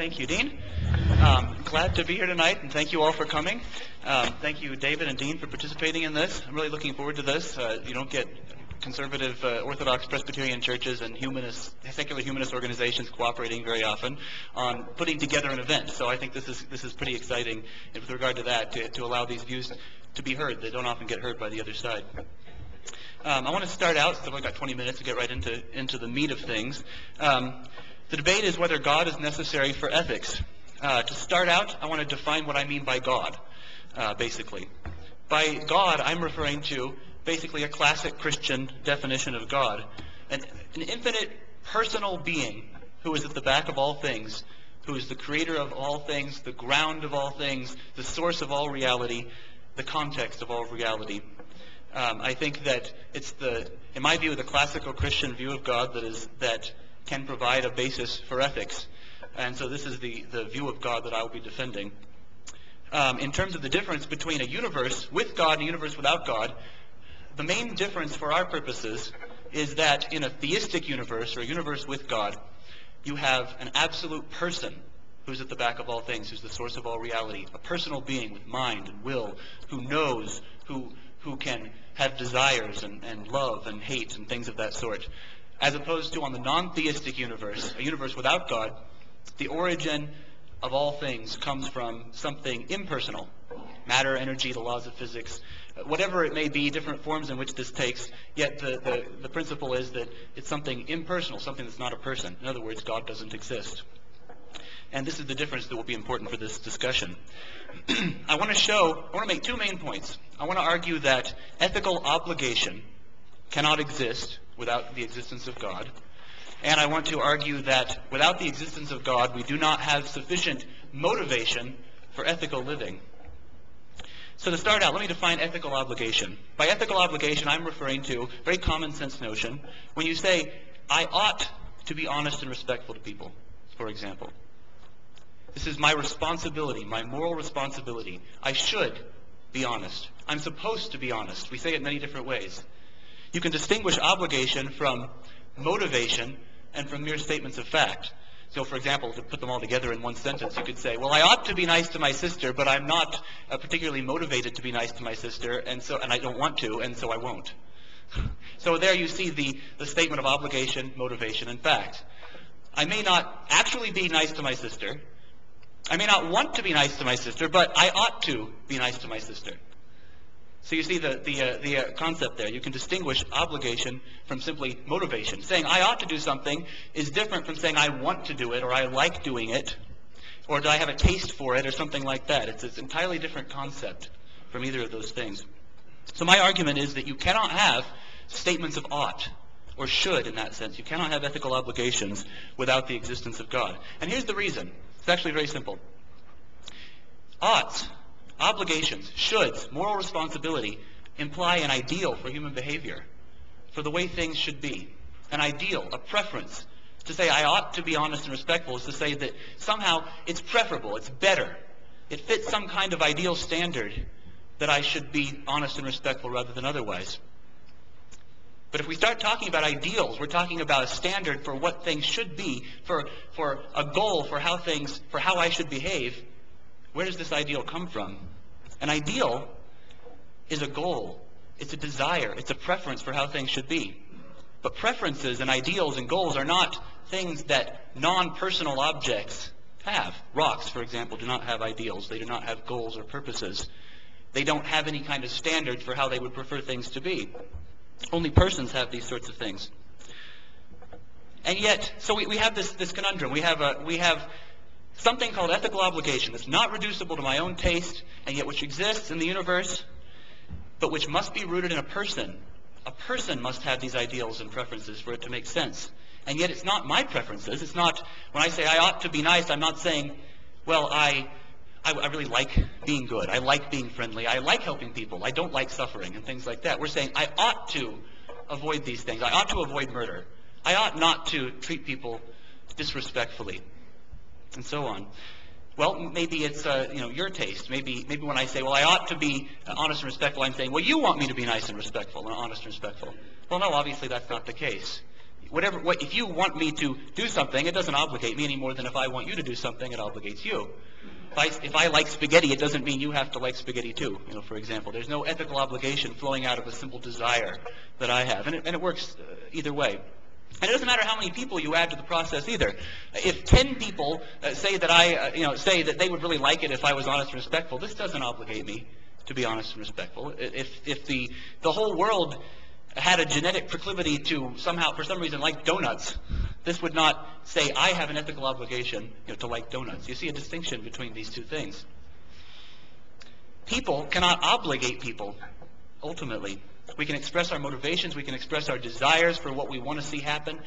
Thank you, Dean. Um, glad to be here tonight, and thank you all for coming. Um, thank you, David and Dean, for participating in this. I'm really looking forward to this. Uh, you don't get conservative uh, Orthodox Presbyterian churches and humanist, secular humanist organizations cooperating very often on putting together an event. So I think this is this is pretty exciting and with regard to that to, to allow these views to be heard they don't often get heard by the other side. Um, I want to start out, so I've got 20 minutes to get right into into the meat of things. Um, the debate is whether God is necessary for ethics. Uh, to start out, I want to define what I mean by God, uh, basically. By God, I'm referring to basically a classic Christian definition of God, an, an infinite personal being who is at the back of all things, who is the creator of all things, the ground of all things, the source of all reality, the context of all reality. Um, I think that it's the, in my view, the classical Christian view of God that is that can provide a basis for ethics. And so this is the, the view of God that I will be defending. Um, in terms of the difference between a universe with God and a universe without God, the main difference for our purposes is that in a theistic universe or a universe with God, you have an absolute person who's at the back of all things, who's the source of all reality, a personal being with mind and will, who knows, who, who can have desires and, and love and hate and things of that sort as opposed to on the non-theistic universe, a universe without God, the origin of all things comes from something impersonal, matter, energy, the laws of physics, uh, whatever it may be, different forms in which this takes, yet the, the, the principle is that it's something impersonal, something that's not a person. In other words, God doesn't exist. And this is the difference that will be important for this discussion. I want to show, I want to make two main points. I want to argue that ethical obligation cannot exist without the existence of God. And I want to argue that without the existence of God, we do not have sufficient motivation for ethical living. So to start out, let me define ethical obligation. By ethical obligation, I'm referring to a very common sense notion. When you say, I ought to be honest and respectful to people, for example. This is my responsibility, my moral responsibility. I should be honest. I'm supposed to be honest. We say it many different ways. You can distinguish obligation from motivation and from mere statements of fact. So, for example, to put them all together in one sentence, you could say, well, I ought to be nice to my sister, but I'm not uh, particularly motivated to be nice to my sister, and, so, and I don't want to, and so I won't. so there you see the, the statement of obligation, motivation, and fact. I may not actually be nice to my sister. I may not want to be nice to my sister, but I ought to be nice to my sister. So you see the, the, uh, the uh, concept there. You can distinguish obligation from simply motivation. Saying I ought to do something is different from saying I want to do it or I like doing it or do I have a taste for it or something like that. It's an entirely different concept from either of those things. So my argument is that you cannot have statements of ought or should in that sense. You cannot have ethical obligations without the existence of God. And here's the reason. It's actually very simple. Oughts Obligations, shoulds, moral responsibility imply an ideal for human behavior, for the way things should be. An ideal, a preference. To say I ought to be honest and respectful is to say that somehow it's preferable, it's better. It fits some kind of ideal standard that I should be honest and respectful rather than otherwise. But if we start talking about ideals, we're talking about a standard for what things should be, for, for a goal for how things, for how I should behave, where does this ideal come from? An ideal is a goal. It's a desire. It's a preference for how things should be. But preferences and ideals and goals are not things that non-personal objects have. Rocks, for example, do not have ideals. They do not have goals or purposes. They don't have any kind of standard for how they would prefer things to be. Only persons have these sorts of things. And yet, so we, we have this, this conundrum. We have, a, we have something called ethical obligation that's not reducible to my own taste and yet which exists in the universe, but which must be rooted in a person. A person must have these ideals and preferences for it to make sense. And yet it's not my preferences. It's not, when I say I ought to be nice, I'm not saying, well, I, I, I really like being good. I like being friendly. I like helping people. I don't like suffering and things like that. We're saying I ought to avoid these things. I ought to avoid murder. I ought not to treat people disrespectfully and so on. Well, maybe it's uh, you know your taste. Maybe maybe when I say, well, I ought to be honest and respectful, I'm saying, well, you want me to be nice and respectful and honest and respectful. Well, no, obviously that's not the case. Whatever, what, if you want me to do something, it doesn't obligate me any more than if I want you to do something, it obligates you. If I, if I like spaghetti, it doesn't mean you have to like spaghetti too. You know, for example, there's no ethical obligation flowing out of a simple desire that I have, and it, and it works uh, either way. And it doesn't matter how many people you add to the process either. If 10 people uh, say that I, uh, you know, say that they would really like it if I was honest and respectful, this doesn't obligate me to be honest and respectful. If, if the, the whole world had a genetic proclivity to somehow, for some reason, like donuts, this would not say, I have an ethical obligation you know, to like donuts. You see a distinction between these two things. People cannot obligate people, ultimately, we can express our motivations. We can express our desires for what we want to see happen.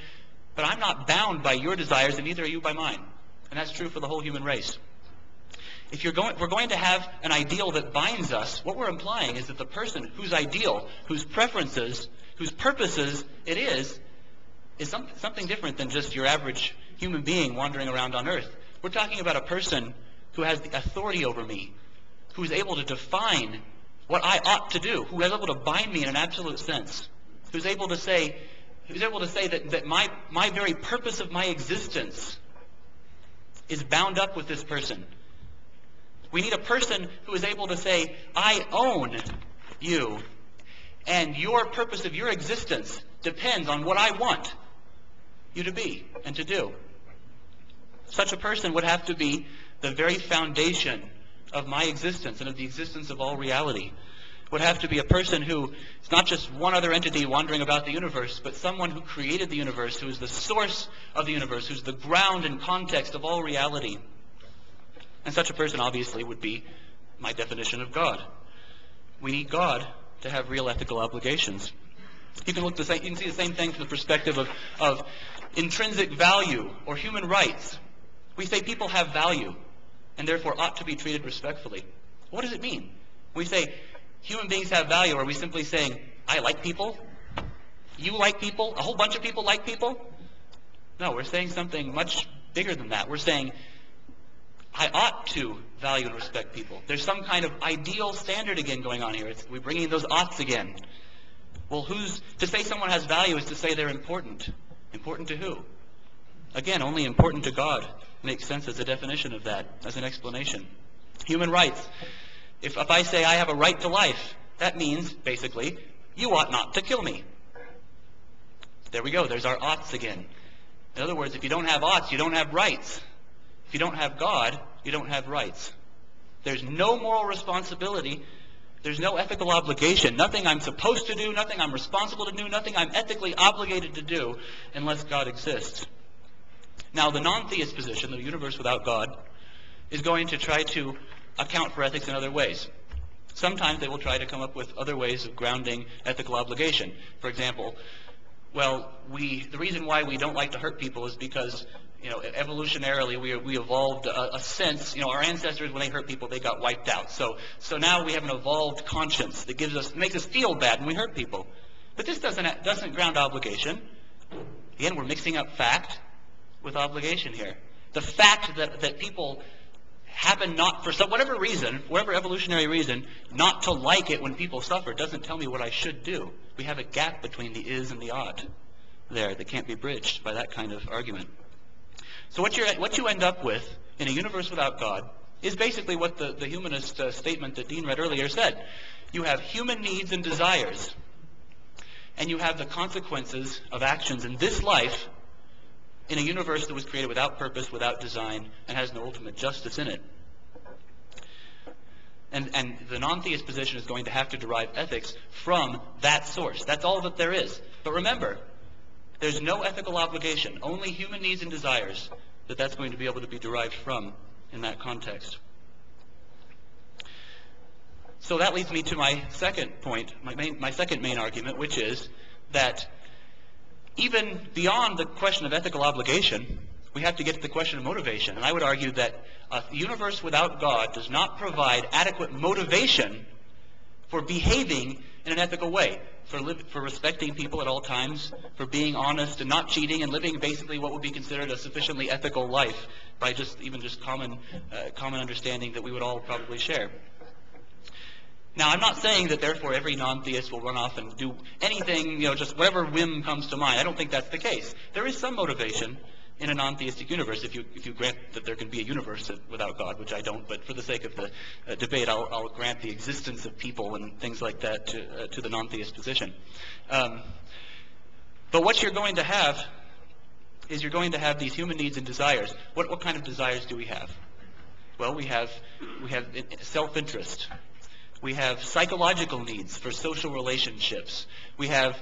But I'm not bound by your desires, and neither are you by mine. And that's true for the whole human race. If you're going, we're going to have an ideal that binds us, what we're implying is that the person whose ideal, whose preferences, whose purposes it is, is some, something different than just your average human being wandering around on earth. We're talking about a person who has the authority over me, who is able to define what I ought to do, who is able to bind me in an absolute sense, who's able to say, who's able to say that, that my, my very purpose of my existence is bound up with this person. We need a person who is able to say, I own you, and your purpose of your existence depends on what I want you to be and to do. Such a person would have to be the very foundation of my existence and of the existence of all reality would have to be a person who is not just one other entity wandering about the universe, but someone who created the universe, who is the source of the universe, who's the ground and context of all reality. And such a person, obviously, would be my definition of God. We need God to have real ethical obligations. You can, look the same, you can see the same thing from the perspective of, of intrinsic value or human rights. We say people have value and therefore ought to be treated respectfully. What does it mean? We say human beings have value. Are we simply saying, I like people? You like people? A whole bunch of people like people? No, we're saying something much bigger than that. We're saying, I ought to value and respect people. There's some kind of ideal standard again going on here. It's, we're bringing those oughts again. Well, who's to say someone has value is to say they're important. Important to who? Again, only important to God makes sense as a definition of that, as an explanation. Human rights. If, if I say I have a right to life, that means, basically, you ought not to kill me. There we go. There's our oughts again. In other words, if you don't have oughts, you don't have rights. If you don't have God, you don't have rights. There's no moral responsibility. There's no ethical obligation. Nothing I'm supposed to do, nothing I'm responsible to do, nothing I'm ethically obligated to do unless God exists. Now, the non-theist position, the universe without God, is going to try to account for ethics in other ways. Sometimes they will try to come up with other ways of grounding ethical obligation. For example, well, we, the reason why we don't like to hurt people is because you know, evolutionarily, we, we evolved a, a, sense. You know, our ancestors, when they hurt people, they got wiped out. So, so now we have an evolved conscience that gives us, makes us feel bad when we hurt people. But this doesn't, doesn't ground obligation. Again, we're mixing up fact with obligation here. The fact that, that people happen not, for some, whatever reason, whatever evolutionary reason, not to like it when people suffer doesn't tell me what I should do. We have a gap between the is and the ought there that can't be bridged by that kind of argument. So what, you what you end up with in a universe without God is basically what the, the humanist uh, statement that Dean read earlier said. You have human needs and desires, and you have the consequences of actions in this life in a universe that was created without purpose, without design, and has no ultimate justice in it. And, and the non-theist position is going to have to derive ethics from that source. That's all that there is. But remember, there's no ethical obligation, only human needs and desires that that's going to be able to be derived from in that context. So that leads me to my second point, my, main, my second main argument, which is that even beyond the question of ethical obligation, we have to get to the question of motivation. And I would argue that a universe without God does not provide adequate motivation for behaving in an ethical way, for, for respecting people at all times, for being honest and not cheating and living basically what would be considered a sufficiently ethical life by just even just common, uh, common understanding that we would all probably share. Now, I'm not saying that therefore every non-theist will run off and do anything, you know, just whatever whim comes to mind. I don't think that's the case. There is some motivation in a non-theistic universe, if you, if you grant that there can be a universe without God, which I don't, but for the sake of the uh, debate, I'll, I'll, grant the existence of people and things like that to, uh, to the non-theist position. Um, but what you're going to have is you're going to have these human needs and desires. What, what kind of desires do we have? Well, we have, we have uh, self-interest. We have psychological needs for social relationships. We have,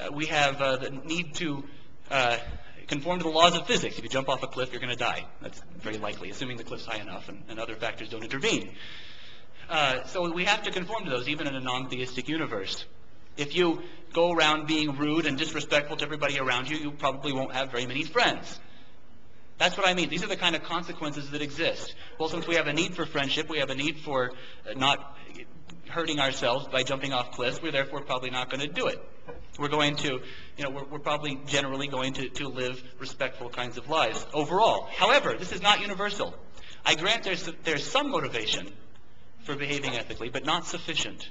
uh, we have uh, the need to uh, conform to the laws of physics. If you jump off a cliff, you're going to die. That's very likely, assuming the cliff's high enough and, and other factors don't intervene. Uh, so we have to conform to those, even in a non-theistic universe. If you go around being rude and disrespectful to everybody around you, you probably won't have very many friends. That's what I mean. These are the kind of consequences that exist. Well, since we have a need for friendship, we have a need for uh, not hurting ourselves by jumping off cliffs. We're therefore probably not going to do it. We're going to, you know, we're, we're probably generally going to, to live respectful kinds of lives overall. However, this is not universal. I grant there's, there's some motivation for behaving ethically, but not sufficient.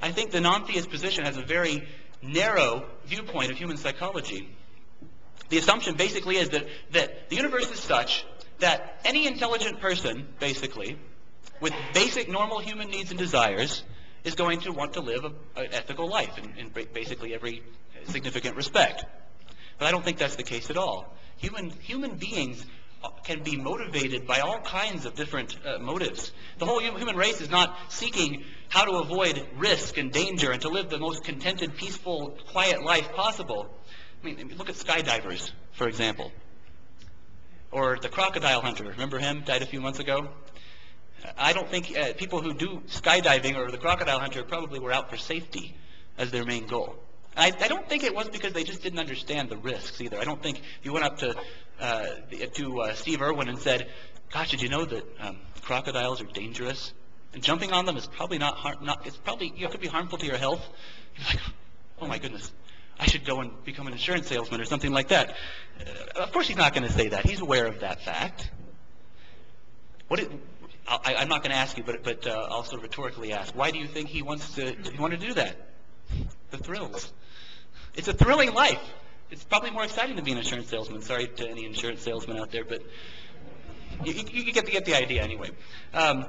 I think the non-theist position has a very narrow viewpoint of human psychology. The assumption basically is that, that the universe is such that any intelligent person, basically, with basic normal human needs and desires is going to want to live an ethical life in, in basically every significant respect. But I don't think that's the case at all. Human, human beings uh, can be motivated by all kinds of different uh, motives. The whole human race is not seeking how to avoid risk and danger and to live the most contented, peaceful, quiet life possible. I mean, look at skydivers, for example, or the crocodile hunter. Remember him? Died a few months ago. I don't think uh, people who do skydiving or the crocodile hunter probably were out for safety as their main goal. I, I, don't think it was because they just didn't understand the risks either. I don't think you went up to uh, to uh, Steve Irwin and said, "Gosh, did you know that um, crocodiles are dangerous? And jumping on them is probably not har- not it's probably you know, it could be harmful to your health." you like, "Oh my goodness, I should go and become an insurance salesman or something like that." Uh, of course, he's not going to say that. He's aware of that fact. What it, I, am not going to ask you, but, but uh, I'll sort of rhetorically ask, why do you think he wants to, he want to do that? The thrills. It's a thrilling life. It's probably more exciting to be an insurance salesman. Sorry to any insurance salesman out there, but you, you, you get, the, get the idea anyway. Um,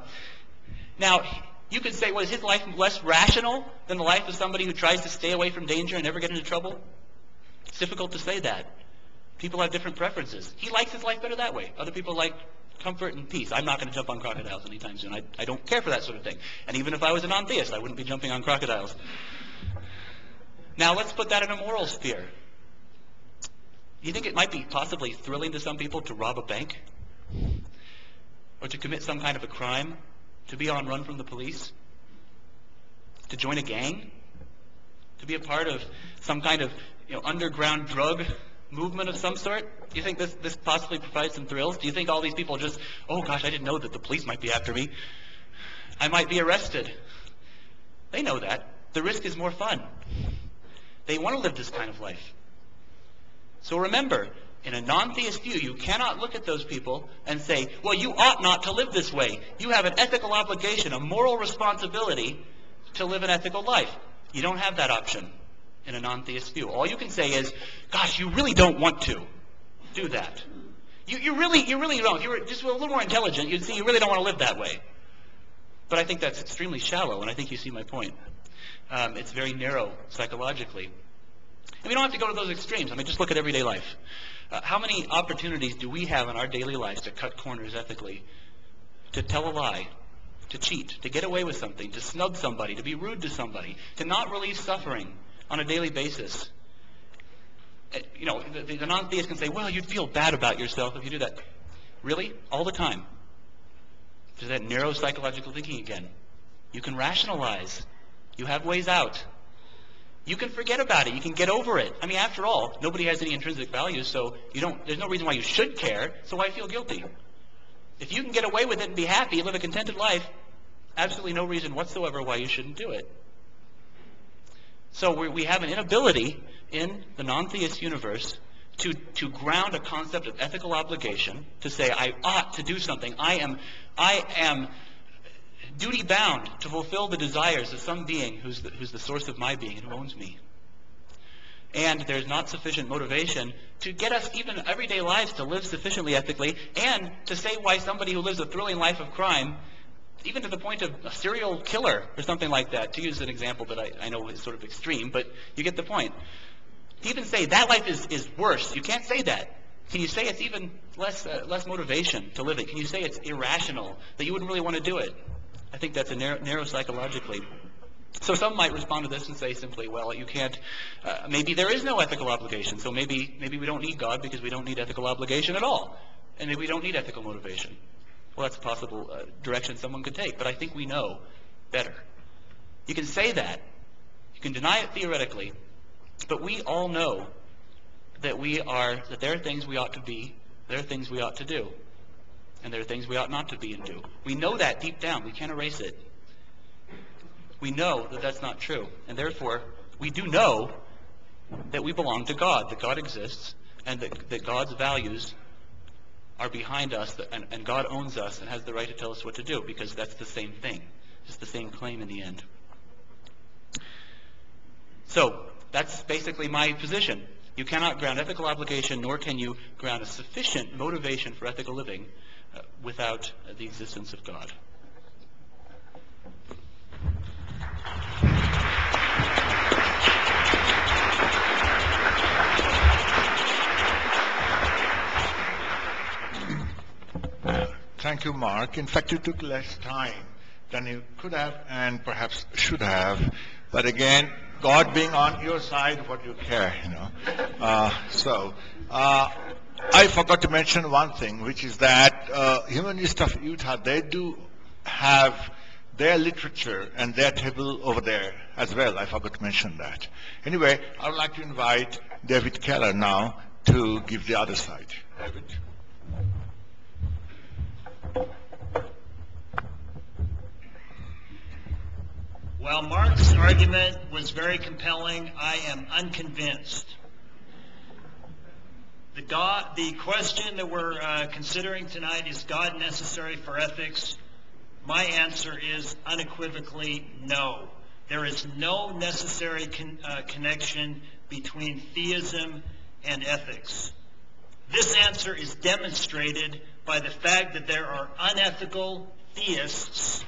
now, you could say, well, is his life less rational than the life of somebody who tries to stay away from danger and never get into trouble? It's difficult to say that. People have different preferences. He likes his life better that way. Other people like comfort and peace. I'm not going to jump on crocodiles anytime soon. I, I don't care for that sort of thing. And even if I was a non-theist, I wouldn't be jumping on crocodiles. Now let's put that in a moral sphere. You think it might be possibly thrilling to some people to rob a bank? Or to commit some kind of a crime? To be on run from the police? To join a gang? To be a part of some kind of you know, underground drug movement of some sort? Do you think this, this possibly provides some thrills? Do you think all these people just, oh gosh, I didn't know that the police might be after me. I might be arrested. They know that. The risk is more fun. They want to live this kind of life. So remember, in a non-theist view, you cannot look at those people and say, well, you ought not to live this way. You have an ethical obligation, a moral responsibility to live an ethical life. You don't have that option in a non-theist view. All you can say is, gosh, you really don't want to do that. You, you really, you really don't. If you were just a little more intelligent, you'd see you really don't want to live that way. But I think that's extremely shallow, and I think you see my point. Um, it's very narrow psychologically. And we don't have to go to those extremes. I mean, just look at everyday life. Uh, how many opportunities do we have in our daily lives to cut corners ethically, to tell a lie, to cheat, to get away with something, to snub somebody, to be rude to somebody, to not relieve suffering, on a daily basis. Uh, you know, the, the non-theist can say, well, you'd feel bad about yourself if you do that. Really? All the time. There's that narrow psychological thinking again. You can rationalize. You have ways out. You can forget about it. You can get over it. I mean, after all, nobody has any intrinsic value, so you don't. There's no reason why you should care. So why feel guilty? If you can get away with it and be happy, live a contented life, absolutely no reason whatsoever why you shouldn't do it. So we, we have an inability in the non-theist universe to, to ground a concept of ethical obligation, to say I ought to do something. I am, I am duty bound to fulfill the desires of some being who's the, who's the source of my being and who owns me. And there's not sufficient motivation to get us even everyday lives to live sufficiently ethically and to say why somebody who lives a thrilling life of crime even to the point of a serial killer or something like that, to use an example that I, I know is sort of extreme, but you get the point. To even say that life is, is worse, you can't say that. Can you say it's even less, uh, less motivation to live it? Can you say it's irrational, that you wouldn't really want to do it? I think that's a narrow, narrow psychologically. So some might respond to this and say simply, well, you can't, uh, maybe there is no ethical obligation, so maybe, maybe we don't need God because we don't need ethical obligation at all, and maybe we don't need ethical motivation well, that's a possible uh, direction someone could take, but I think we know better. You can say that. You can deny it theoretically, but we all know that we are that there are things we ought to be, there are things we ought to do, and there are things we ought not to be and do. We know that deep down. We can't erase it. We know that that's not true, and therefore we do know that we belong to God, that God exists, and that, that God's values are behind us and, and God owns us and has the right to tell us what to do because that's the same thing. It's the same claim in the end. So that's basically my position. You cannot ground ethical obligation, nor can you ground a sufficient motivation for ethical living uh, without the existence of God. Thank you, Mark. In fact, it took less time than you could have and perhaps should have. But again, God being on your side, what do you care, you know. Uh, so, uh, I forgot to mention one thing, which is that uh, Humanists of Utah, they do have their literature and their table over there as well. I forgot to mention that. Anyway, I would like to invite David Keller now to give the other side. David. While Mark's argument was very compelling, I am unconvinced. The, God, the question that we're uh, considering tonight is God necessary for ethics? My answer is unequivocally no. There is no necessary con uh, connection between theism and ethics. This answer is demonstrated by the fact that there are unethical theists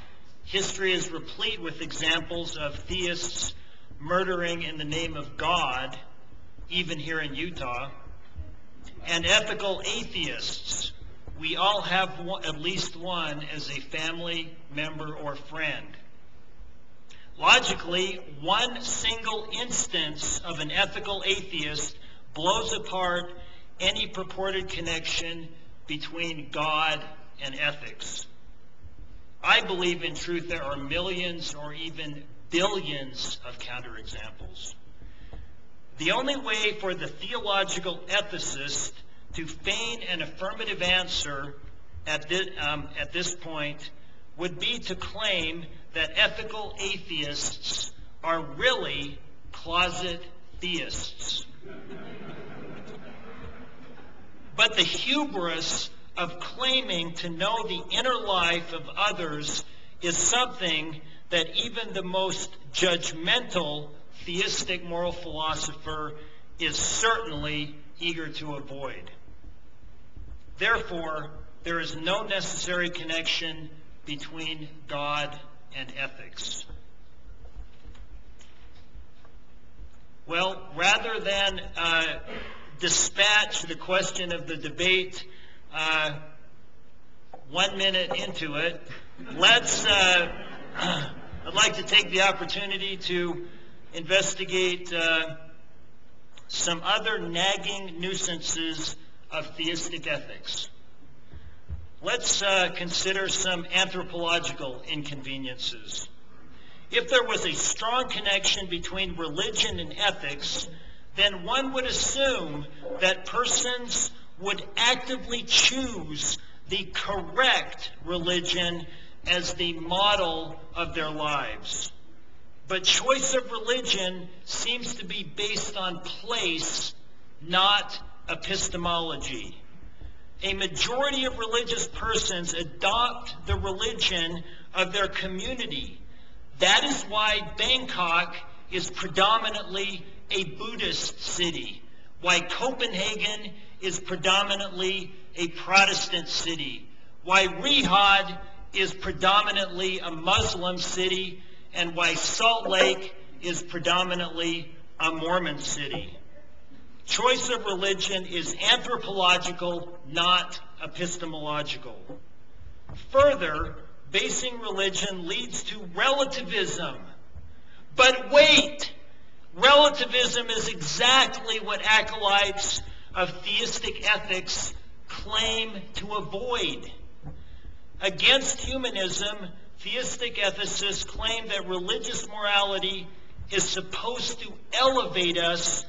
History is replete with examples of theists murdering in the name of God, even here in Utah, and ethical atheists. We all have one, at least one as a family member or friend. Logically, one single instance of an ethical atheist blows apart any purported connection between God and ethics. I believe in truth there are millions or even billions of counterexamples. The only way for the theological ethicist to feign an affirmative answer at this, um, at this point would be to claim that ethical atheists are really closet theists. but the hubris of claiming to know the inner life of others is something that even the most judgmental theistic moral philosopher is certainly eager to avoid. Therefore, there is no necessary connection between God and ethics. Well, rather than uh, dispatch the question of the debate uh, one minute into it, let's, uh, I'd like to take the opportunity to investigate uh, some other nagging nuisances of theistic ethics. Let's uh, consider some anthropological inconveniences. If there was a strong connection between religion and ethics, then one would assume that persons would actively choose the correct religion as the model of their lives. But choice of religion seems to be based on place, not epistemology. A majority of religious persons adopt the religion of their community. That is why Bangkok is predominantly a Buddhist city, why Copenhagen is predominantly a Protestant city, why Riyadh is predominantly a Muslim city, and why Salt Lake is predominantly a Mormon city. Choice of religion is anthropological, not epistemological. Further, basing religion leads to relativism. But wait! Relativism is exactly what acolytes of theistic ethics claim to avoid. Against humanism, theistic ethicists claim that religious morality is supposed to elevate us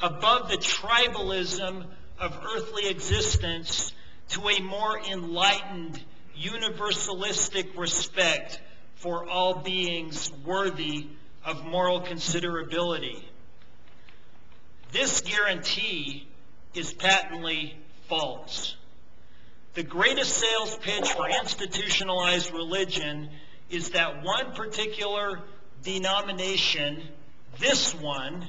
above the tribalism of earthly existence to a more enlightened, universalistic respect for all beings worthy of moral considerability. This guarantee is patently false. The greatest sales pitch for institutionalized religion is that one particular denomination, this one,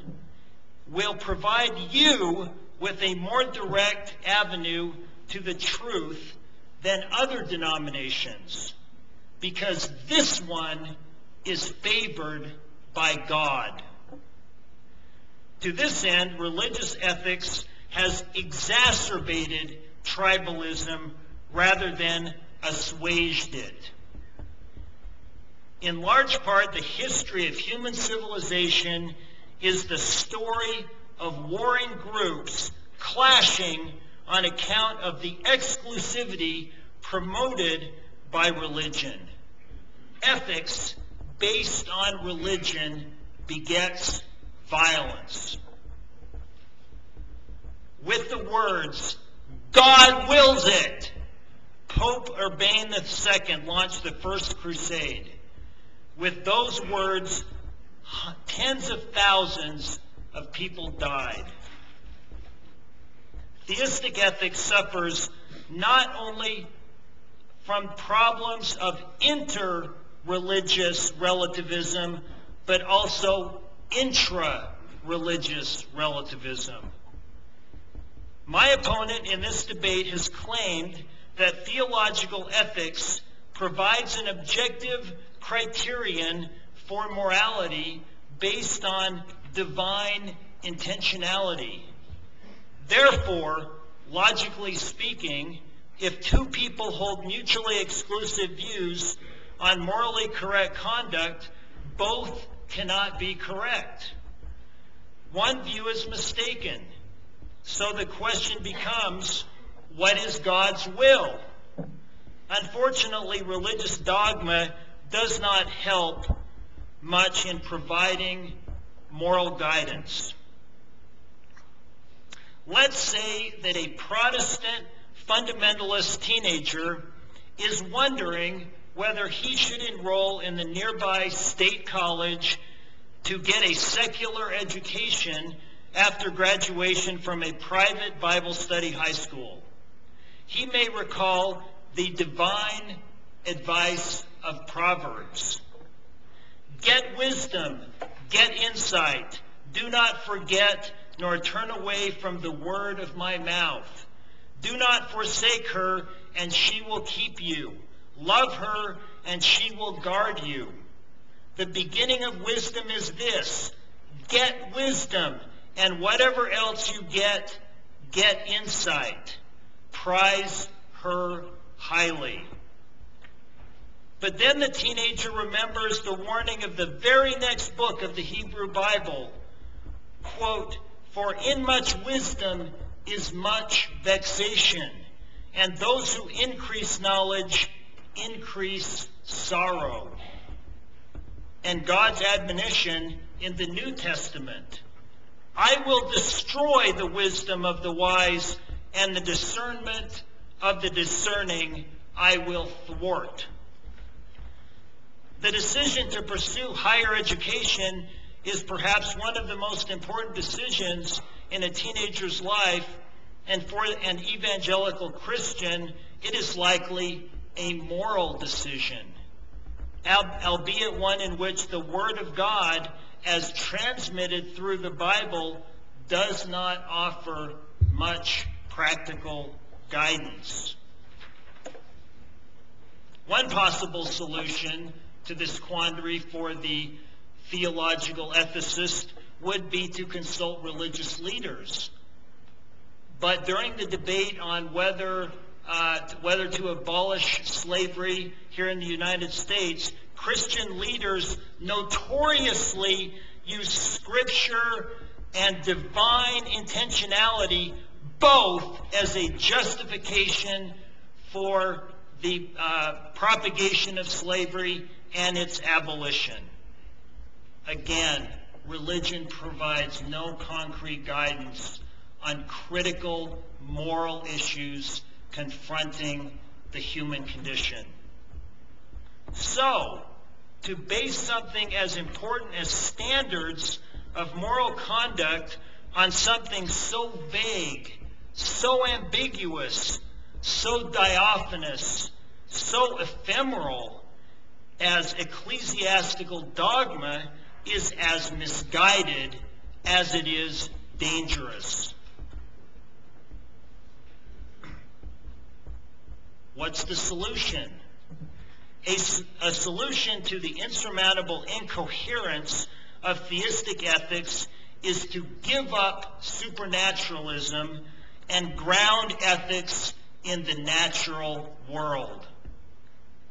will provide you with a more direct avenue to the truth than other denominations because this one is favored by God. To this end, religious ethics has exacerbated tribalism rather than assuaged it. In large part, the history of human civilization is the story of warring groups clashing on account of the exclusivity promoted by religion. Ethics based on religion begets violence with the words, God wills it. Pope Urban II launched the First Crusade. With those words, tens of thousands of people died. Theistic ethics suffers not only from problems of inter-religious relativism, but also intra-religious relativism. My opponent in this debate has claimed that theological ethics provides an objective criterion for morality based on divine intentionality. Therefore, logically speaking, if two people hold mutually exclusive views on morally correct conduct, both cannot be correct. One view is mistaken so the question becomes, what is God's will? Unfortunately, religious dogma does not help much in providing moral guidance. Let's say that a Protestant fundamentalist teenager is wondering whether he should enroll in the nearby state college to get a secular education after graduation from a private Bible study high school. He may recall the divine advice of Proverbs. Get wisdom, get insight. Do not forget nor turn away from the word of my mouth. Do not forsake her, and she will keep you. Love her, and she will guard you. The beginning of wisdom is this. Get wisdom and whatever else you get, get insight. Prize her highly. But then the teenager remembers the warning of the very next book of the Hebrew Bible. Quote, For in much wisdom is much vexation, and those who increase knowledge increase sorrow. And God's admonition in the New Testament. I will destroy the wisdom of the wise and the discernment of the discerning I will thwart. The decision to pursue higher education is perhaps one of the most important decisions in a teenager's life, and for an evangelical Christian, it is likely a moral decision, albeit one in which the Word of God as transmitted through the Bible does not offer much practical guidance. One possible solution to this quandary for the theological ethicist would be to consult religious leaders. But during the debate on whether uh, whether to abolish slavery here in the United States, Christian leaders notoriously use scripture and divine intentionality both as a justification for the uh, propagation of slavery and its abolition. Again, religion provides no concrete guidance on critical moral issues confronting the human condition. So, to base something as important as standards of moral conduct on something so vague, so ambiguous, so diaphanous, so ephemeral as ecclesiastical dogma is as misguided as it is dangerous. What's the solution? a, a solution to the insurmountable incoherence of theistic ethics is to give up supernaturalism and ground ethics in the natural world.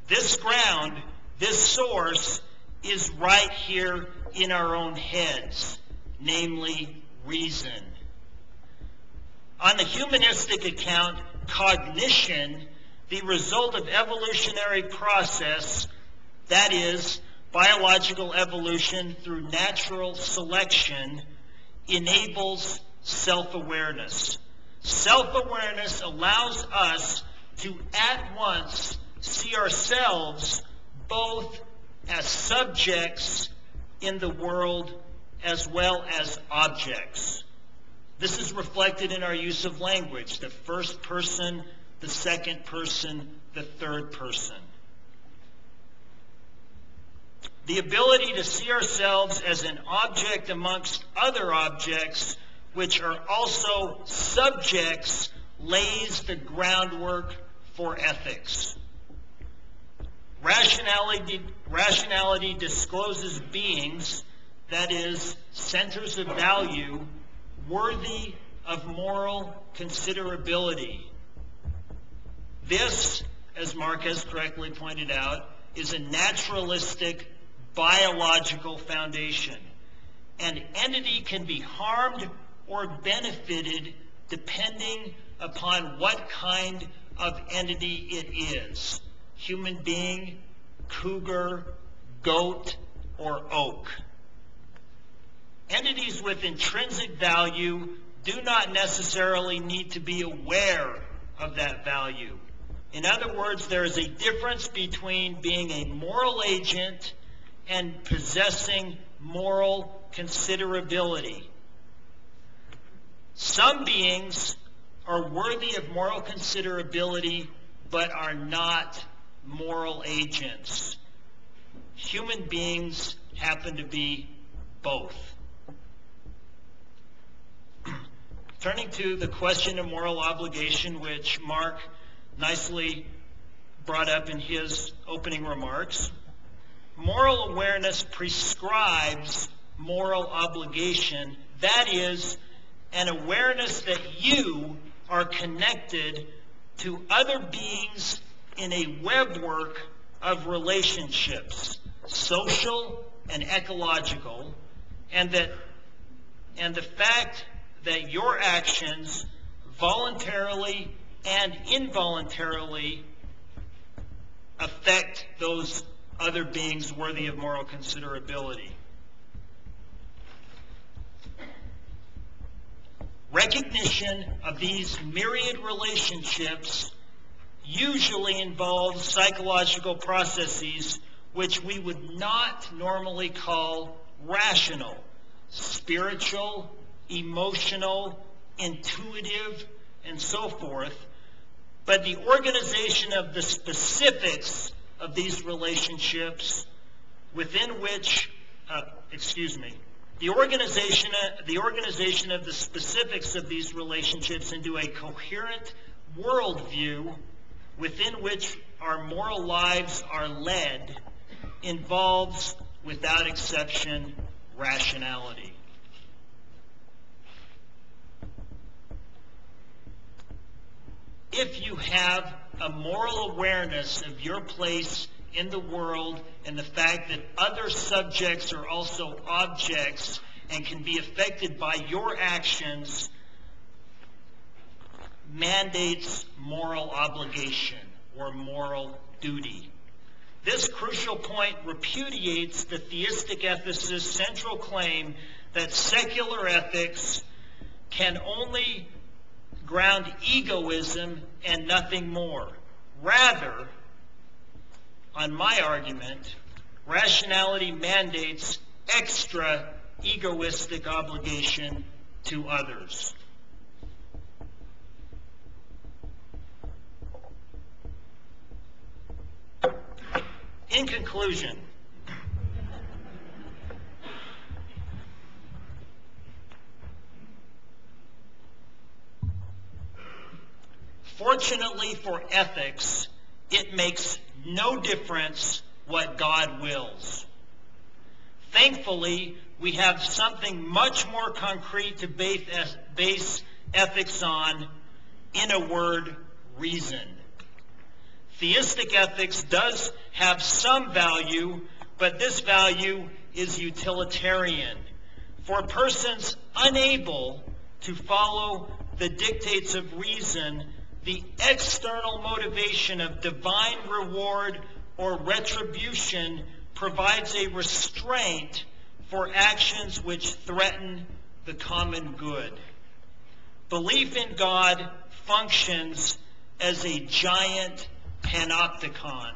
This ground, this source, is right here in our own heads, namely reason. On the humanistic account, cognition the result of evolutionary process, that is, biological evolution through natural selection, enables self-awareness. Self-awareness allows us to at once see ourselves both as subjects in the world as well as objects. This is reflected in our use of language, the first person the second person, the third person. The ability to see ourselves as an object amongst other objects, which are also subjects, lays the groundwork for ethics. Rationality, rationality discloses beings, that is, centers of value, worthy of moral considerability this, as Marquez correctly pointed out, is a naturalistic biological foundation. An entity can be harmed or benefited depending upon what kind of entity it is. Human being, cougar, goat, or oak. Entities with intrinsic value do not necessarily need to be aware of that value. In other words, there is a difference between being a moral agent and possessing moral considerability. Some beings are worthy of moral considerability but are not moral agents. Human beings happen to be both. Turning to the question of moral obligation, which Mark nicely brought up in his opening remarks. Moral awareness prescribes moral obligation. That is, an awareness that you are connected to other beings in a webwork of relationships, social and ecological, and that and the fact that your actions voluntarily and involuntarily affect those other beings worthy of moral considerability. Recognition of these myriad relationships usually involves psychological processes which we would not normally call rational, spiritual, emotional, intuitive, and so forth, but the organization of the specifics of these relationships within which, uh, excuse me, the organization, uh, the organization of the specifics of these relationships into a coherent worldview within which our moral lives are led involves, without exception, rationality. if you have a moral awareness of your place in the world and the fact that other subjects are also objects and can be affected by your actions mandates moral obligation or moral duty. This crucial point repudiates the theistic ethicist's central claim that secular ethics can only ground egoism and nothing more. Rather, on my argument, rationality mandates extra egoistic obligation to others. In conclusion, Fortunately for ethics, it makes no difference what God wills. Thankfully, we have something much more concrete to base, ethics on, in a word, reason. Theistic ethics does have some value, but this value is utilitarian. For persons unable to follow the dictates of reason, the external motivation of divine reward or retribution provides a restraint for actions which threaten the common good. Belief in God functions as a giant panopticon.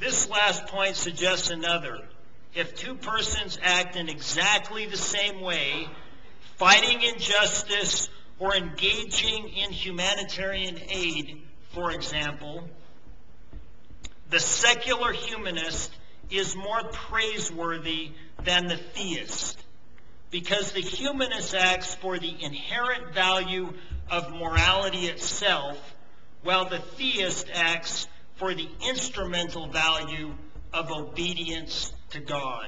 This last point suggests another. If two persons act in exactly the same way, fighting injustice or engaging in humanitarian aid, for example, the secular humanist is more praiseworthy than the theist because the humanist acts for the inherent value of morality itself, while the theist acts for the instrumental value of obedience to God.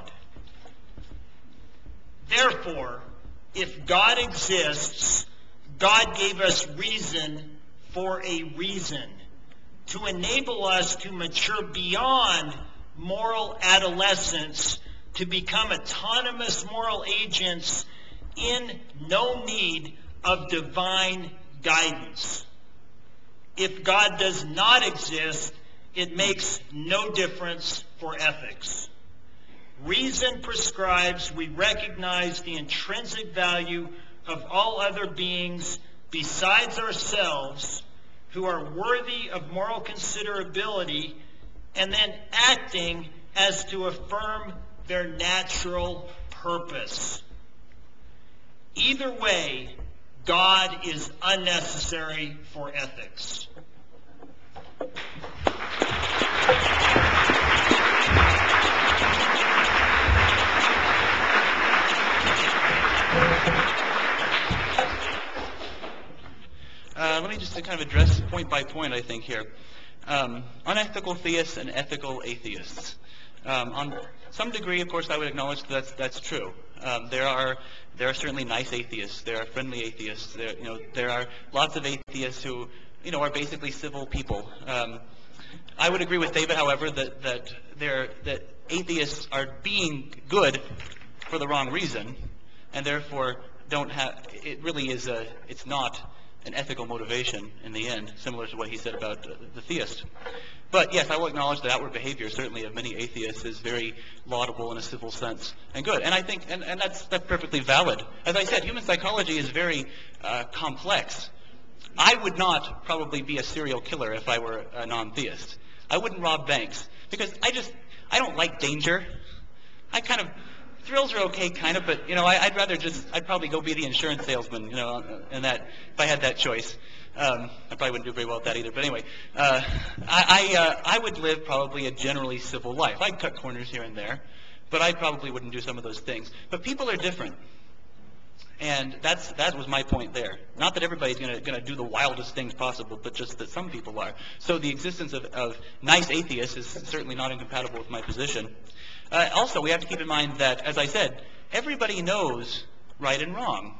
Therefore, if God exists, God gave us reason for a reason to enable us to mature beyond moral adolescence, to become autonomous moral agents in no need of divine guidance. If God does not exist, it makes no difference for ethics. Reason prescribes we recognize the intrinsic value of all other beings besides ourselves who are worthy of moral considerability and then acting as to affirm their natural purpose. Either way, God is unnecessary for ethics. Uh, let me just kind of address point by point, I think, here. Um, unethical theists and ethical atheists. Um, on some degree, of course, I would acknowledge that that's, that's true. Um, there are there are certainly nice atheists. There are friendly atheists. There, you know, there are lots of atheists who you know are basically civil people. Um, I would agree with David, however, that that there that atheists are being good for the wrong reason, and therefore don't have. It really is a. It's not an ethical motivation in the end, similar to what he said about uh, the theist. But yes, I will acknowledge that outward behavior, certainly of many atheists, is very laudable in a civil sense and good. And I think, and, and that's, that's perfectly valid. As I said, human psychology is very uh, complex. I would not probably be a serial killer if I were a non-theist. I wouldn't rob banks because I just, I don't like danger. I kind of thrills are okay, kind of, but you know, I, would rather just, I'd probably go be the insurance salesman, you know, and that if I had that choice. Um, I probably wouldn't do very well at that either. But anyway, uh, I I, uh, I would live probably a generally civil life. I'd cut corners here and there, but I probably wouldn't do some of those things. But people are different, and that's that was my point there. Not that everybody's gonna do the wildest things possible, but just that some people are. So the existence of, of nice atheists is certainly not incompatible with my position. Uh, also, we have to keep in mind that, as I said, everybody knows right and wrong.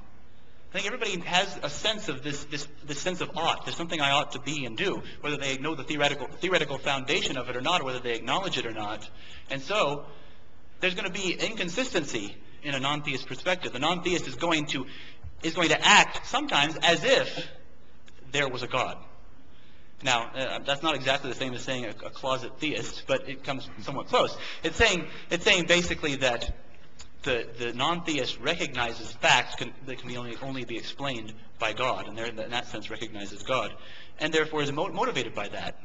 I think everybody has a sense of this, this, this sense of ought. There's something I ought to be and do, whether they know the theoretical, theoretical foundation of it or not, or whether they acknowledge it or not. And so there's going to be inconsistency in a non-theist perspective. The non-theist is going to, is going to act sometimes as if there was a God. Now, uh, that's not exactly the same as saying a, a closet theist, but it comes somewhat close. It's saying, it's saying basically that the, the non-theist recognizes facts can, that can be only, only be explained by God, and in that sense recognizes God, and therefore is mo motivated by that.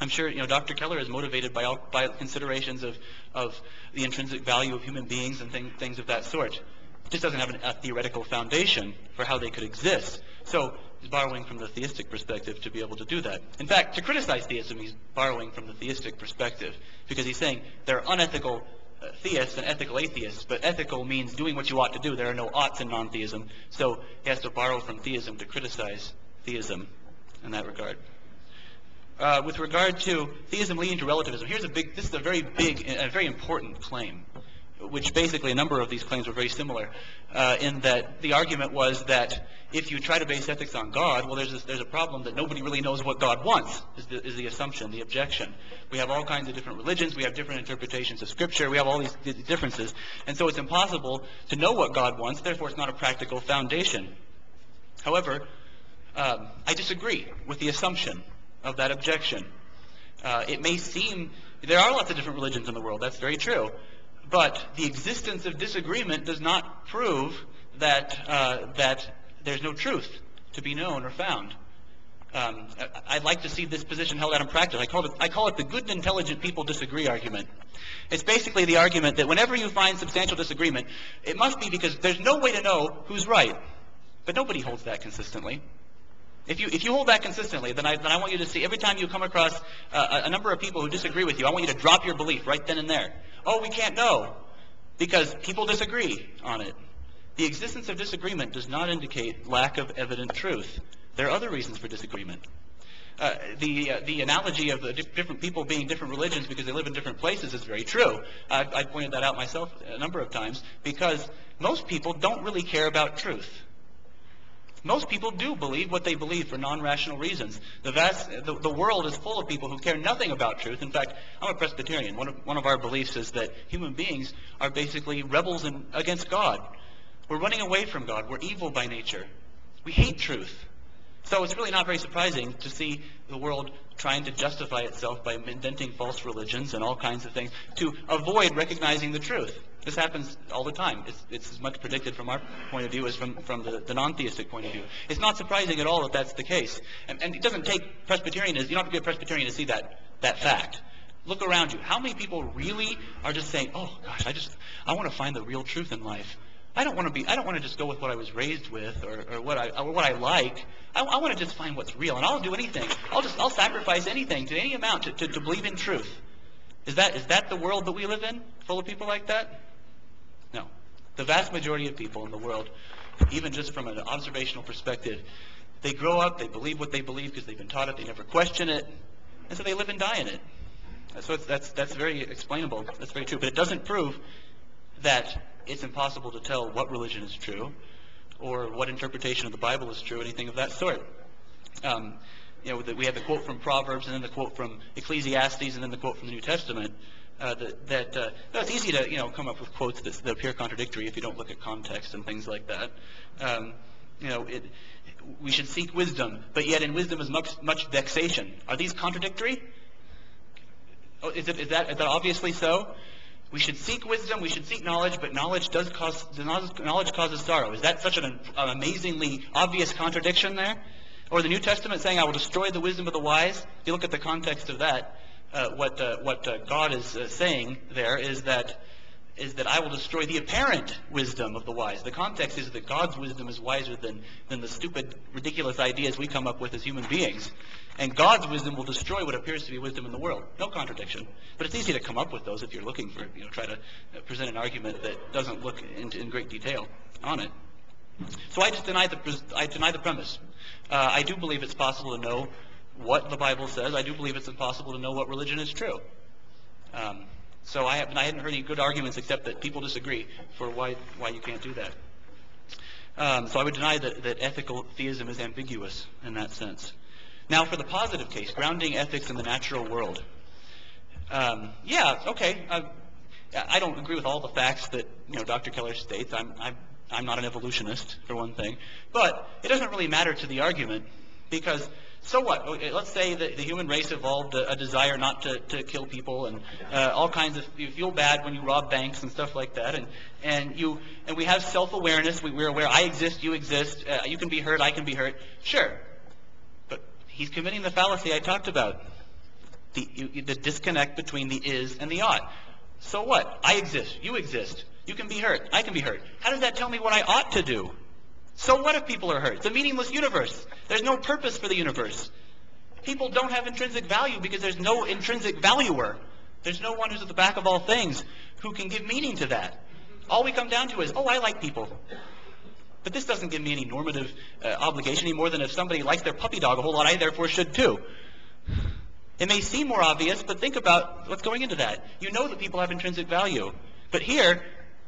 I'm sure you know Dr. Keller is motivated by, all, by considerations of, of the intrinsic value of human beings and thing, things of that sort. It just doesn't have an, a theoretical foundation for how they could exist. So He's borrowing from the theistic perspective to be able to do that. In fact, to criticize theism, he's borrowing from the theistic perspective because he's saying there are unethical uh, theists and ethical atheists, but ethical means doing what you ought to do. There are no oughts in non-theism, so he has to borrow from theism to criticize theism in that regard. Uh, with regard to theism leading to relativism, here's a big, this is a very big, a very important claim which basically a number of these claims were very similar, uh, in that the argument was that if you try to base ethics on God, well, there's, this, there's a problem that nobody really knows what God wants, is the, is the assumption, the objection. We have all kinds of different religions. We have different interpretations of Scripture. We have all these differences. And so it's impossible to know what God wants. Therefore, it's not a practical foundation. However, um, I disagree with the assumption of that objection. Uh, it may seem there are lots of different religions in the world. That's very true. But the existence of disagreement does not prove that, uh, that there's no truth to be known or found. Um, I'd like to see this position held out in practice. I call, it, I call it the good and intelligent people disagree argument. It's basically the argument that whenever you find substantial disagreement, it must be because there's no way to know who's right. But nobody holds that consistently. If you, if you hold that consistently, then I, then I want you to see every time you come across uh, a number of people who disagree with you, I want you to drop your belief right then and there. Oh, we can't know because people disagree on it. The existence of disagreement does not indicate lack of evident truth. There are other reasons for disagreement. Uh, the, uh, the analogy of the di different people being different religions because they live in different places is very true. I, I pointed that out myself a number of times because most people don't really care about truth. Most people do believe what they believe for non-rational reasons. The, vast, the, the, world is full of people who care nothing about truth. In fact, I'm a Presbyterian. One of, one of our beliefs is that human beings are basically rebels in, against God. We're running away from God. We're evil by nature. We hate truth. So it's really not very surprising to see the world trying to justify itself by inventing false religions and all kinds of things to avoid recognizing the truth. This happens all the time. It's, it's as much predicted from our point of view as from, from the, the non-theistic point of view. It's not surprising at all that that's the case. And, and it doesn't take Presbyterianism, you don't have to be a Presbyterian to see that, that fact. Look around you. How many people really are just saying, oh gosh, I just, I want to find the real truth in life. I don't want to be. I don't want to just go with what I was raised with or, or what I or what I like. I, I want to just find what's real, and I'll do anything. I'll just I'll sacrifice anything to any amount to, to, to believe in truth. Is that is that the world that we live in, full of people like that? No. The vast majority of people in the world, even just from an observational perspective, they grow up, they believe what they believe because they've been taught it, they never question it, and so they live and die in it. So that's that's very explainable. That's very true, but it doesn't prove that it's impossible to tell what religion is true or what interpretation of the Bible is true, anything of that sort. Um, you know, the, we have the quote from Proverbs and then the quote from Ecclesiastes and then the quote from the New Testament. Uh, that, that uh, no, it's easy to you know come up with quotes that, that, appear contradictory if you don't look at context and things like that. Um, you know, it, we should seek wisdom, but yet in wisdom is much much vexation. Are these contradictory? Oh, is, it, is that is that obviously so? We should seek wisdom, we should seek knowledge, but knowledge does cause knowledge causes sorrow. Is that such an, amazingly obvious contradiction there? Or the New Testament saying, "I will destroy the wisdom of the wise." If you look at the context of that, uh, what uh, what uh, God is uh, saying there is that is that I will destroy the apparent wisdom of the wise. The context is that God's wisdom is wiser than, than the stupid, ridiculous ideas we come up with as human beings. And God's wisdom will destroy what appears to be wisdom in the world. No contradiction. But it's easy to come up with those if you're looking for, you know, try to present an argument that doesn't look in, in great detail on it. So I just deny the, I deny the premise. Uh, I do believe it's possible to know what the Bible says. I do believe it's impossible to know what religion is true. So I have I hadn't heard any good arguments except that people disagree for why, why you can't do that. Um, so I would deny that, that ethical theism is ambiguous in that sense. Now for the positive case, grounding ethics in the natural world. Um, yeah, okay. I, I, don't agree with all the facts that you know Dr. Keller states. I'm, I'm, I'm not an evolutionist, for one thing. But it doesn't really matter to the argument because so what? Oh, eh, let's say that the human race evolved a, a desire not to, to kill people and uh, all kinds of, you feel bad when you rob banks and stuff like that. And, and, you, and we have self-awareness. We, we're aware I exist, you exist, uh, you can be hurt, I can be hurt. Sure. But he's committing the fallacy I talked about. The, you, the disconnect between the is and the ought. So what? I exist, you exist. You can be hurt, I can be hurt. How does that tell me what I ought to do? So what if people are hurt? It's a meaningless universe. There's no purpose for the universe. People don't have intrinsic value because there's no intrinsic valuer. There's no one who's at the back of all things who can give meaning to that. All we come down to is, oh, I like people. But this doesn't give me any normative uh, obligation any more than if somebody likes their puppy dog a whole lot, I therefore should too. It may seem more obvious, but think about what's going into that. You know that people have intrinsic value. But here,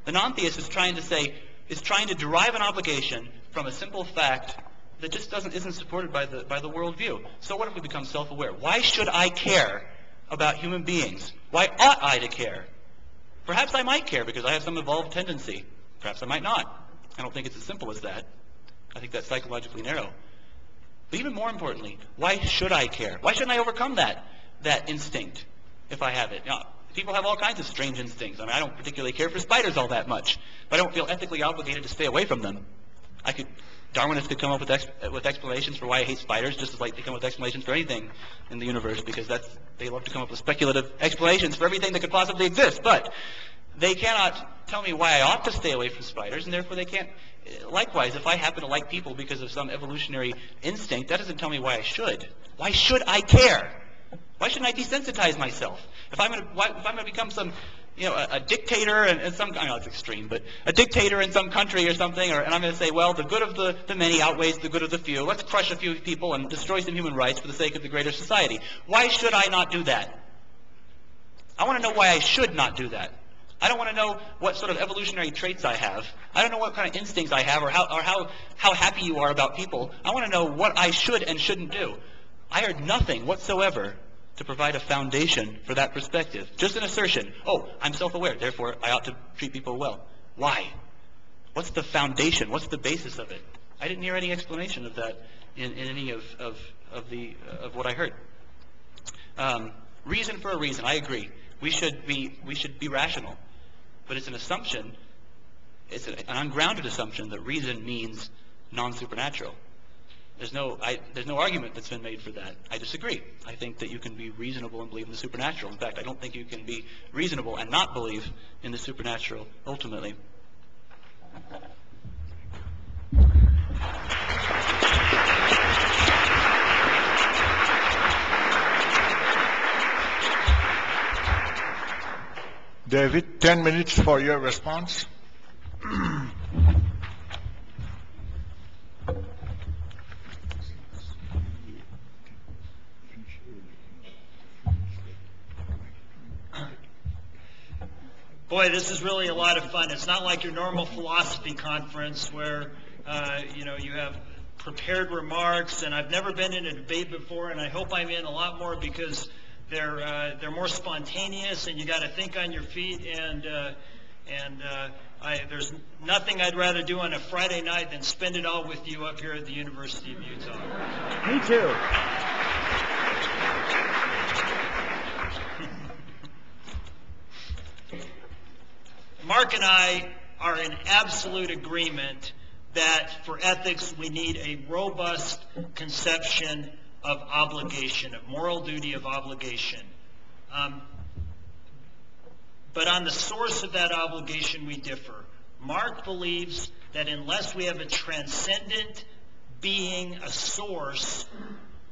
the non-theist is trying to say, is trying to derive an obligation from a simple fact that just doesn't, isn't supported by the, by the worldview. So what if we become self-aware? Why should I care about human beings? Why ought I to care? Perhaps I might care because I have some evolved tendency. Perhaps I might not. I don't think it's as simple as that. I think that's psychologically narrow. But even more importantly, why should I care? Why shouldn't I overcome that, that instinct if I have it? You know, people have all kinds of strange instincts. I mean, I don't particularly care for spiders all that much, but I don't feel ethically obligated to stay away from them. I could Darwinists could come up with ex, with explanations for why I hate spiders, just as like they come up with explanations for anything in the universe, because that's they love to come up with speculative explanations for everything that could possibly exist. But they cannot tell me why I ought to stay away from spiders, and therefore they can't. Likewise, if I happen to like people because of some evolutionary instinct, that doesn't tell me why I should. Why should I care? Why shouldn't I desensitize myself? If I'm going to become some you know, a, a dictator and, and some, I know it's extreme, but a dictator in some country or something, or, and I'm going to say, well, the good of the, the many outweighs the good of the few. Let's crush a few people and destroy some human rights for the sake of the greater society. Why should I not do that? I want to know why I should not do that. I don't want to know what sort of evolutionary traits I have. I don't know what kind of instincts I have or how, or how, how happy you are about people. I want to know what I should and shouldn't do. I heard nothing whatsoever to provide a foundation for that perspective. Just an assertion. Oh, I'm self-aware, therefore I ought to treat people well. Why? What's the foundation? What's the basis of it? I didn't hear any explanation of that in, in any of, of, of, the, of what I heard. Um, reason for a reason, I agree. We should be, we should be rational. But it's an assumption, it's an ungrounded assumption that reason means non-supernatural. There's no, I, there's no argument that's been made for that. I disagree. I think that you can be reasonable and believe in the supernatural. In fact, I don't think you can be reasonable and not believe in the supernatural ultimately. David, 10 minutes for your response. boy, this is really a lot of fun. It's not like your normal philosophy conference where, uh, you know, you have prepared remarks, and I've never been in a debate before, and I hope I'm in a lot more because they're uh, they're more spontaneous, and you got to think on your feet, and uh, and uh, I, there's nothing I'd rather do on a Friday night than spend it all with you up here at the University of Utah. Me too. Mark and I are in absolute agreement that for ethics we need a robust conception of obligation, of moral duty of obligation. Um, but on the source of that obligation we differ. Mark believes that unless we have a transcendent being, a source,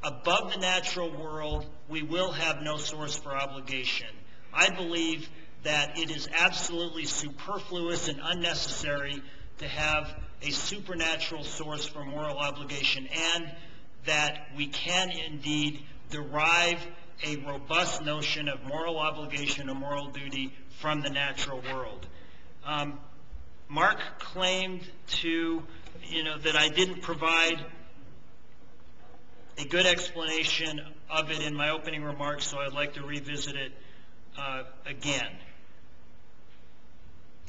above the natural world, we will have no source for obligation. I believe that it is absolutely superfluous and unnecessary to have a supernatural source for moral obligation and that we can indeed derive a robust notion of moral obligation or moral duty from the natural world. Um, Mark claimed to, you know, that I didn't provide a good explanation of it in my opening remarks, so I'd like to revisit it uh, again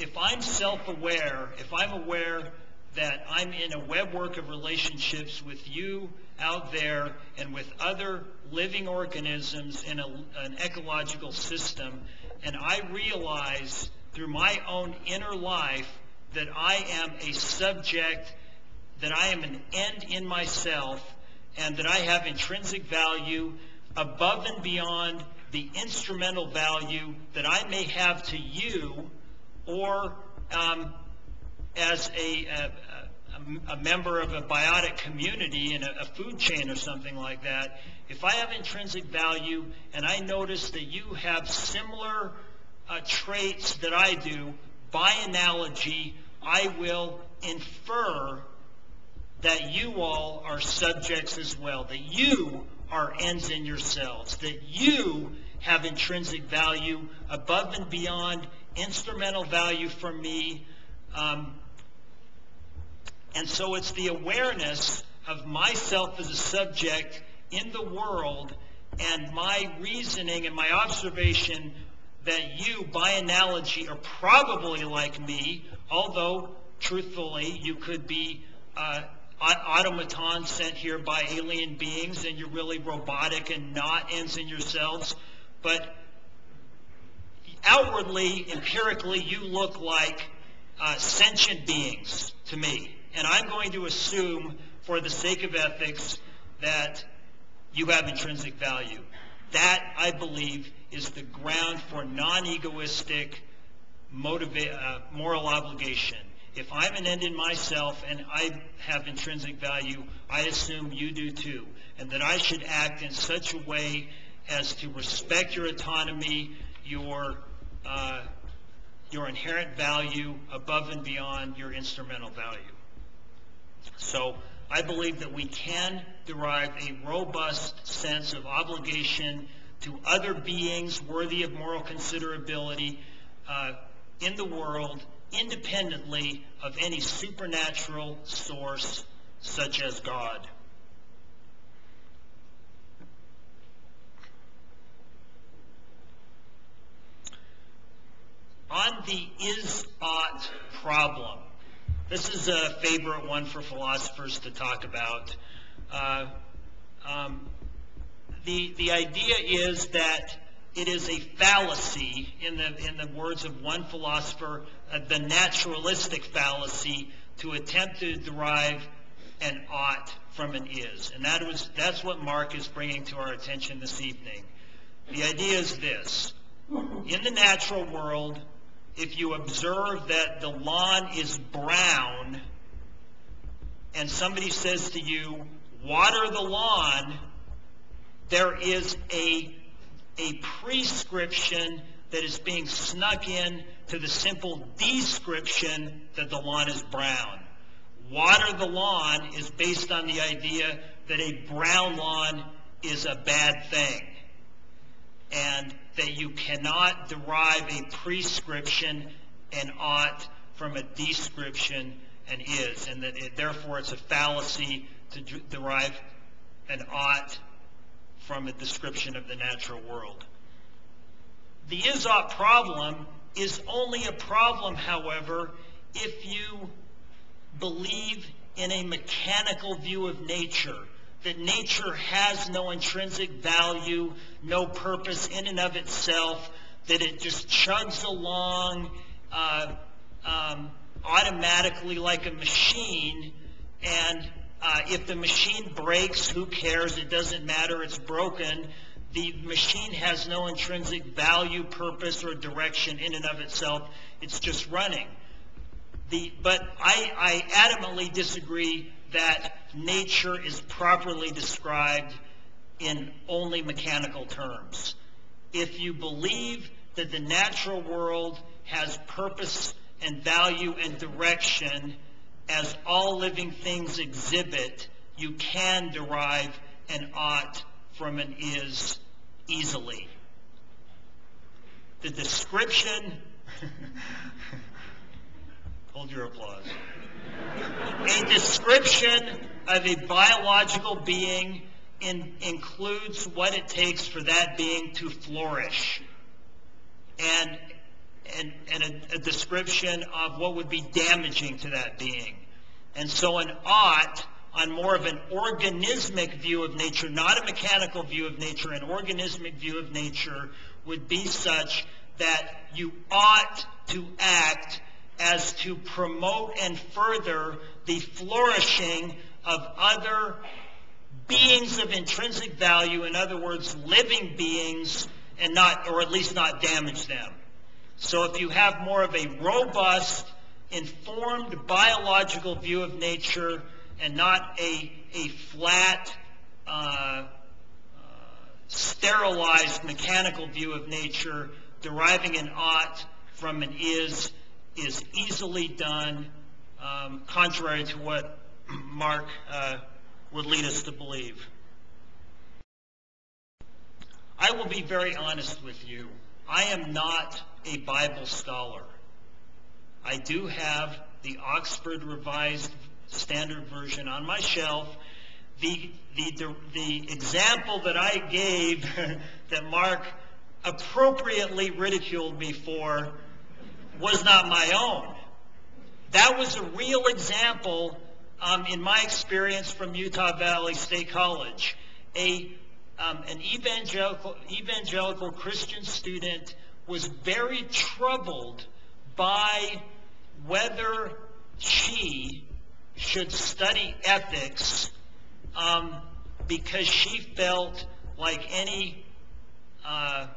if I'm self-aware, if I'm aware that I'm in a web work of relationships with you out there and with other living organisms in a, an ecological system, and I realize through my own inner life that I am a subject, that I am an end in myself, and that I have intrinsic value above and beyond the instrumental value that I may have to you or um, as a, a, a, member of a biotic community in a, a food chain or something like that, if I have intrinsic value and I notice that you have similar uh, traits that I do, by analogy, I will infer that you all are subjects as well, that you are ends in yourselves, that you have intrinsic value above and beyond instrumental value for me. Um, and so it's the awareness of myself as a subject in the world and my reasoning and my observation that you, by analogy, are probably like me, although truthfully you could be uh, automatons sent here by alien beings and you're really robotic and not ends in yourselves. But outwardly, empirically, you look like uh, sentient beings to me. And I'm going to assume, for the sake of ethics, that you have intrinsic value. That, I believe, is the ground for non-egoistic uh, moral obligation. If I'm an end in myself and I have intrinsic value, I assume you do too, and that I should act in such a way as to respect your autonomy, your uh, your inherent value above and beyond your instrumental value. So I believe that we can derive a robust sense of obligation to other beings worthy of moral considerability uh, in the world independently of any supernatural source such as God. on the is-ought problem. This is a favorite one for philosophers to talk about. Uh, um, the, the idea is that it is a fallacy, in the, in the words of one philosopher, uh, the naturalistic fallacy to attempt to derive an ought from an is. And that was, that's what Mark is bringing to our attention this evening. The idea is this. In the natural world, if you observe that the lawn is brown and somebody says to you, water the lawn, there is a, a prescription that is being snuck in to the simple description that the lawn is brown. Water the lawn is based on the idea that a brown lawn is a bad thing. And that you cannot derive a prescription and ought from a description and is, and that it, therefore it's a fallacy to derive an ought from a description of the natural world. The is-ought problem is only a problem, however, if you believe in a mechanical view of nature that nature has no intrinsic value, no purpose in and of itself, that it just chugs along uh, um, automatically like a machine, and uh, if the machine breaks, who cares? It doesn't matter, it's broken. The machine has no intrinsic value, purpose, or direction in and of itself. It's just running. The, but I, I adamantly disagree that nature is properly described in only mechanical terms. If you believe that the natural world has purpose and value and direction as all living things exhibit, you can derive an ought from an is easily. The description, hold your applause. A description of a biological being in, includes what it takes for that being to flourish. And, and, and a, a description of what would be damaging to that being. And so an ought on more of an organismic view of nature, not a mechanical view of nature, an organismic view of nature would be such that you ought to act as to promote and further the flourishing of other beings of intrinsic value, in other words, living beings, and not, or at least not damage them. So if you have more of a robust, informed biological view of nature and not a, a flat, uh, uh, sterilized mechanical view of nature, deriving an ought from an is, is easily done um, contrary to what Mark uh, would lead us to believe. I will be very honest with you. I am not a Bible scholar. I do have the Oxford Revised Standard Version on my shelf. The, the, the, the example that I gave that Mark appropriately ridiculed me for was not my own. That was a real example, um, in my experience from Utah Valley State College. A, um, an evangelical, evangelical Christian student was very troubled by whether she should study ethics um, because she felt like any uh,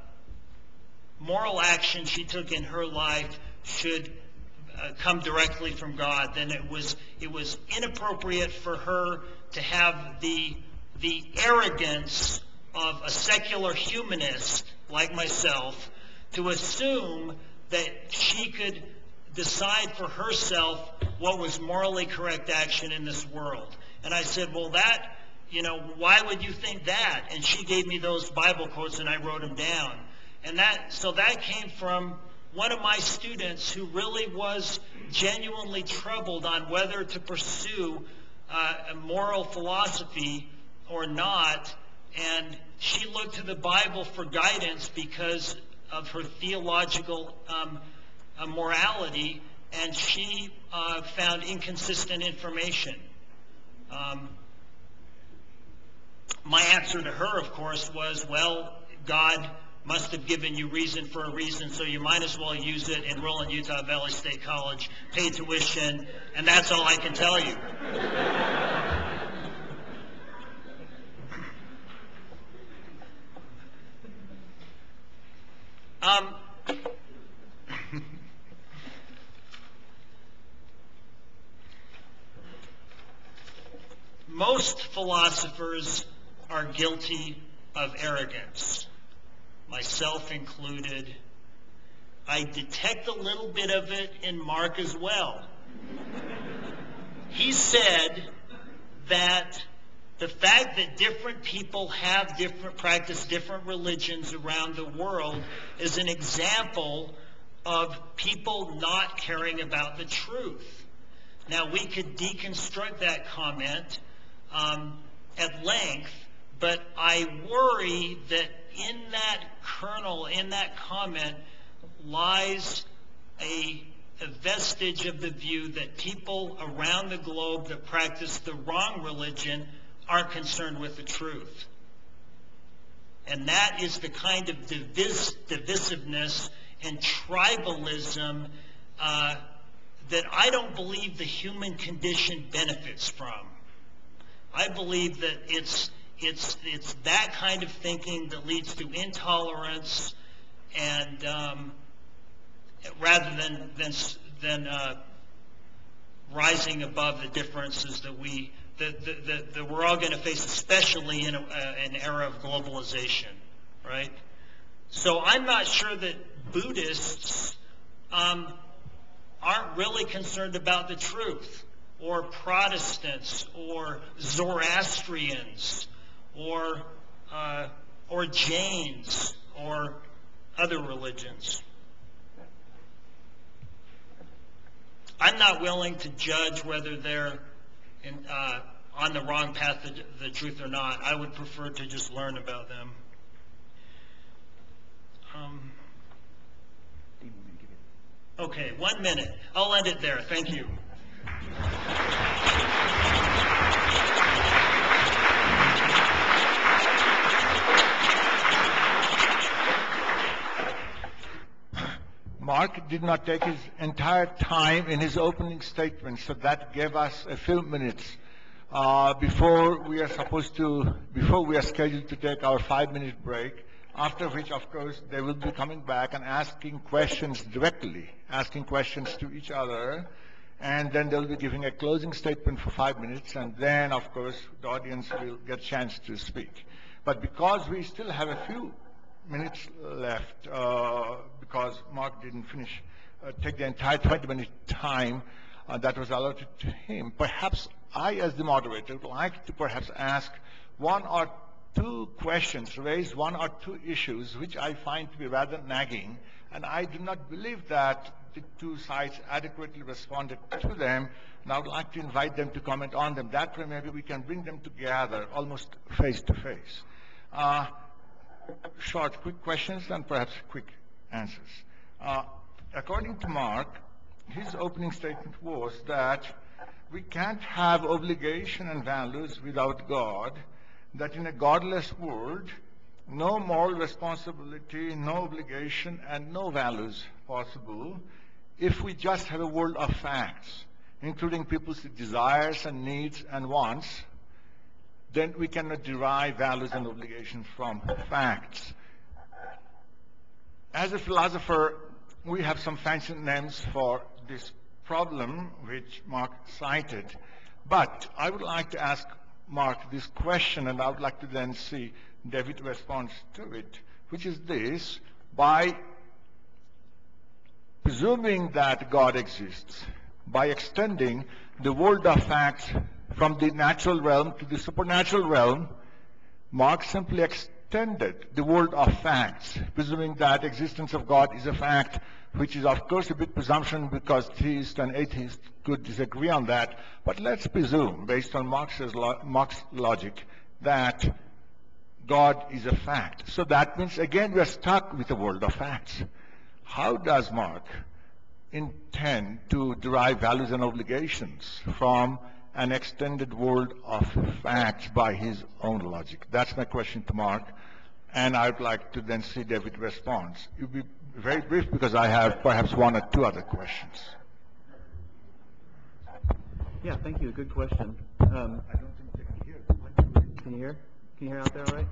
moral action she took in her life should uh, come directly from God, then it was it was inappropriate for her to have the the arrogance of a secular humanist like myself to assume that she could decide for herself what was morally correct action in this world. And I said, well, that, you know, why would you think that? And she gave me those Bible quotes and I wrote them down. And that, so that came from one of my students who really was genuinely troubled on whether to pursue uh, a moral philosophy or not, and she looked to the Bible for guidance because of her theological um, uh, morality, and she uh, found inconsistent information. Um, my answer to her, of course, was, well, God must have given you reason for a reason, so you might as well use it. Enroll in Utah Valley State College, pay tuition, and that's all I can tell you. um, most philosophers are guilty of arrogance myself included. I detect a little bit of it in Mark as well. he said that the fact that different people have different practice different religions around the world is an example of people not caring about the truth. Now we could deconstruct that comment um, at length, but I worry that in that kernel, in that comment, lies a, a, vestige of the view that people around the globe that practice the wrong religion are concerned with the truth. And that is the kind of divis divisiveness and tribalism uh, that I don't believe the human condition benefits from. I believe that it's it's, it's that kind of thinking that leads to intolerance and um, rather than, than, than uh, rising above the differences that we that, that, that, we're all going to face, especially in a, uh, an era of globalization, right? So I'm not sure that Buddhists um, aren't really concerned about the truth, or Protestants, or Zoroastrians, or, uh, or Jains or other religions. I'm not willing to judge whether they're in, uh, on the wrong path to the truth or not. I would prefer to just learn about them. Um, okay, one minute. I'll end it there. Thank you. Mark did not take his entire time in his opening statement, so that gave us a few minutes uh, before we are supposed to, before we are scheduled to take our five-minute break, after which, of course, they will be coming back and asking questions directly, asking questions to each other, and then they'll be giving a closing statement for five minutes, and then, of course, the audience will get a chance to speak. But because we still have a few minutes left, uh, because Mark didn't finish, uh, take the entire 20 minute time uh, that was allotted to him. Perhaps I, as the moderator, would like to perhaps ask one or two questions, raise one or two issues which I find to be rather nagging, and I do not believe that the two sides adequately responded to them, and I would like to invite them to comment on them. That way, maybe we can bring them together, almost face to face. Uh, short, quick questions, and perhaps quick answers. Uh, according to Mark, his opening statement was that we can't have obligation and values without God, that in a godless world, no moral responsibility, no obligation, and no values possible if we just have a world of facts, including people's desires and needs and wants, then we cannot derive values and obligations from facts. As a philosopher, we have some fancy names for this problem which Mark cited. But I would like to ask Mark this question, and I would like to then see David response to it, which is this, by presuming that God exists, by extending the world of facts from the natural realm to the supernatural realm, Mark simply ex extended the world of facts, presuming that existence of God is a fact, which is of course a bit presumption because theists and atheists could disagree on that. But let's presume, based on Marx's lo Marx logic, that God is a fact. So that means, again, we're stuck with a world of facts. How does Marx intend to derive values and obligations from an extended world of facts by his own logic? That's my question to Mark. And I'd like to then see David respond. It'll be very brief because I have perhaps one or two other questions. Yeah, thank you. Good question. Um, I don't think they can hear. Can you hear? Can you hear out there all right?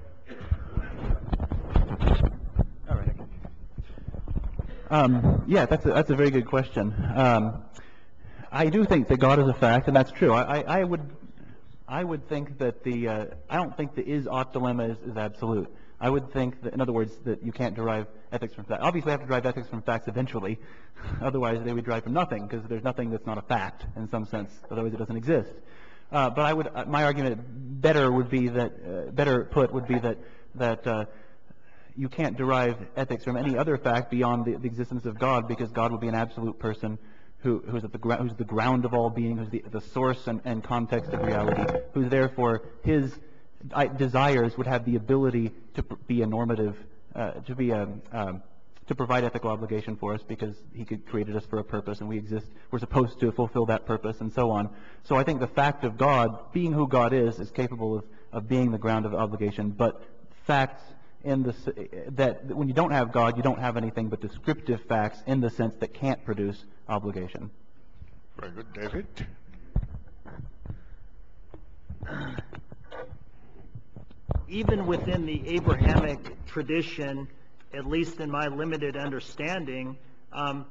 All right. Um, yeah, that's a, that's a very good question. Um, I do think that God is a fact, and that's true. I, I, I would I would think that the uh, I don't think the is ought dilemma is, is absolute. I would think that, in other words, that you can't derive ethics from facts. Obviously, I have to derive ethics from facts eventually. Otherwise, they would derive from nothing because there's nothing that's not a fact in some sense. Otherwise, it doesn't exist. Uh, but I would, uh, my argument better would be that, uh, better put would be that, that uh, you can't derive ethics from any other fact beyond the, the existence of God because God would be an absolute person who, who's, at the who's the ground of all being, who's the, the source and, and context of reality, who therefore his desires would have the ability to be a normative, uh, to be a, um, to provide ethical obligation for us because he created us for a purpose and we exist, we're supposed to fulfill that purpose and so on. So I think the fact of God, being who God is, is capable of, of being the ground of obligation, but facts in the, that when you don't have God, you don't have anything but descriptive facts in the sense that can't produce obligation. Very good, David even within the Abrahamic tradition, at least in my limited understanding, um,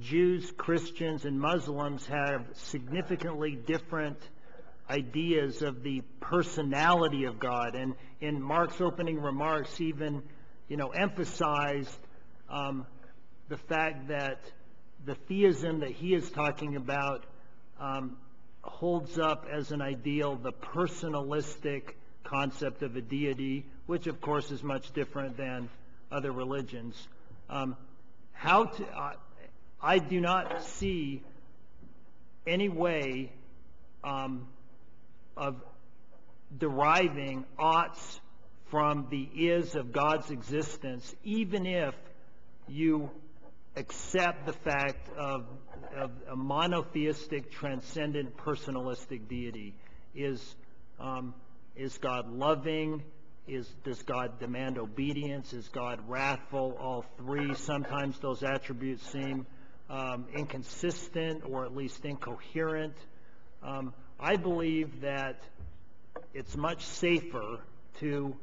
Jews, Christians, and Muslims have significantly different ideas of the personality of God. And in Mark's opening remarks, even you know emphasized um, the fact that the theism that he is talking about um, holds up as an ideal the personalistic concept of a deity, which of course is much different than other religions. Um, how to, uh, I do not see any way um, of deriving oughts from the is of God's existence, even if you accept the fact of, of a monotheistic, transcendent, personalistic deity is um, is God loving? Is, does God demand obedience? Is God wrathful? All three. Sometimes those attributes seem um, inconsistent or at least incoherent. Um, I believe that it's much safer to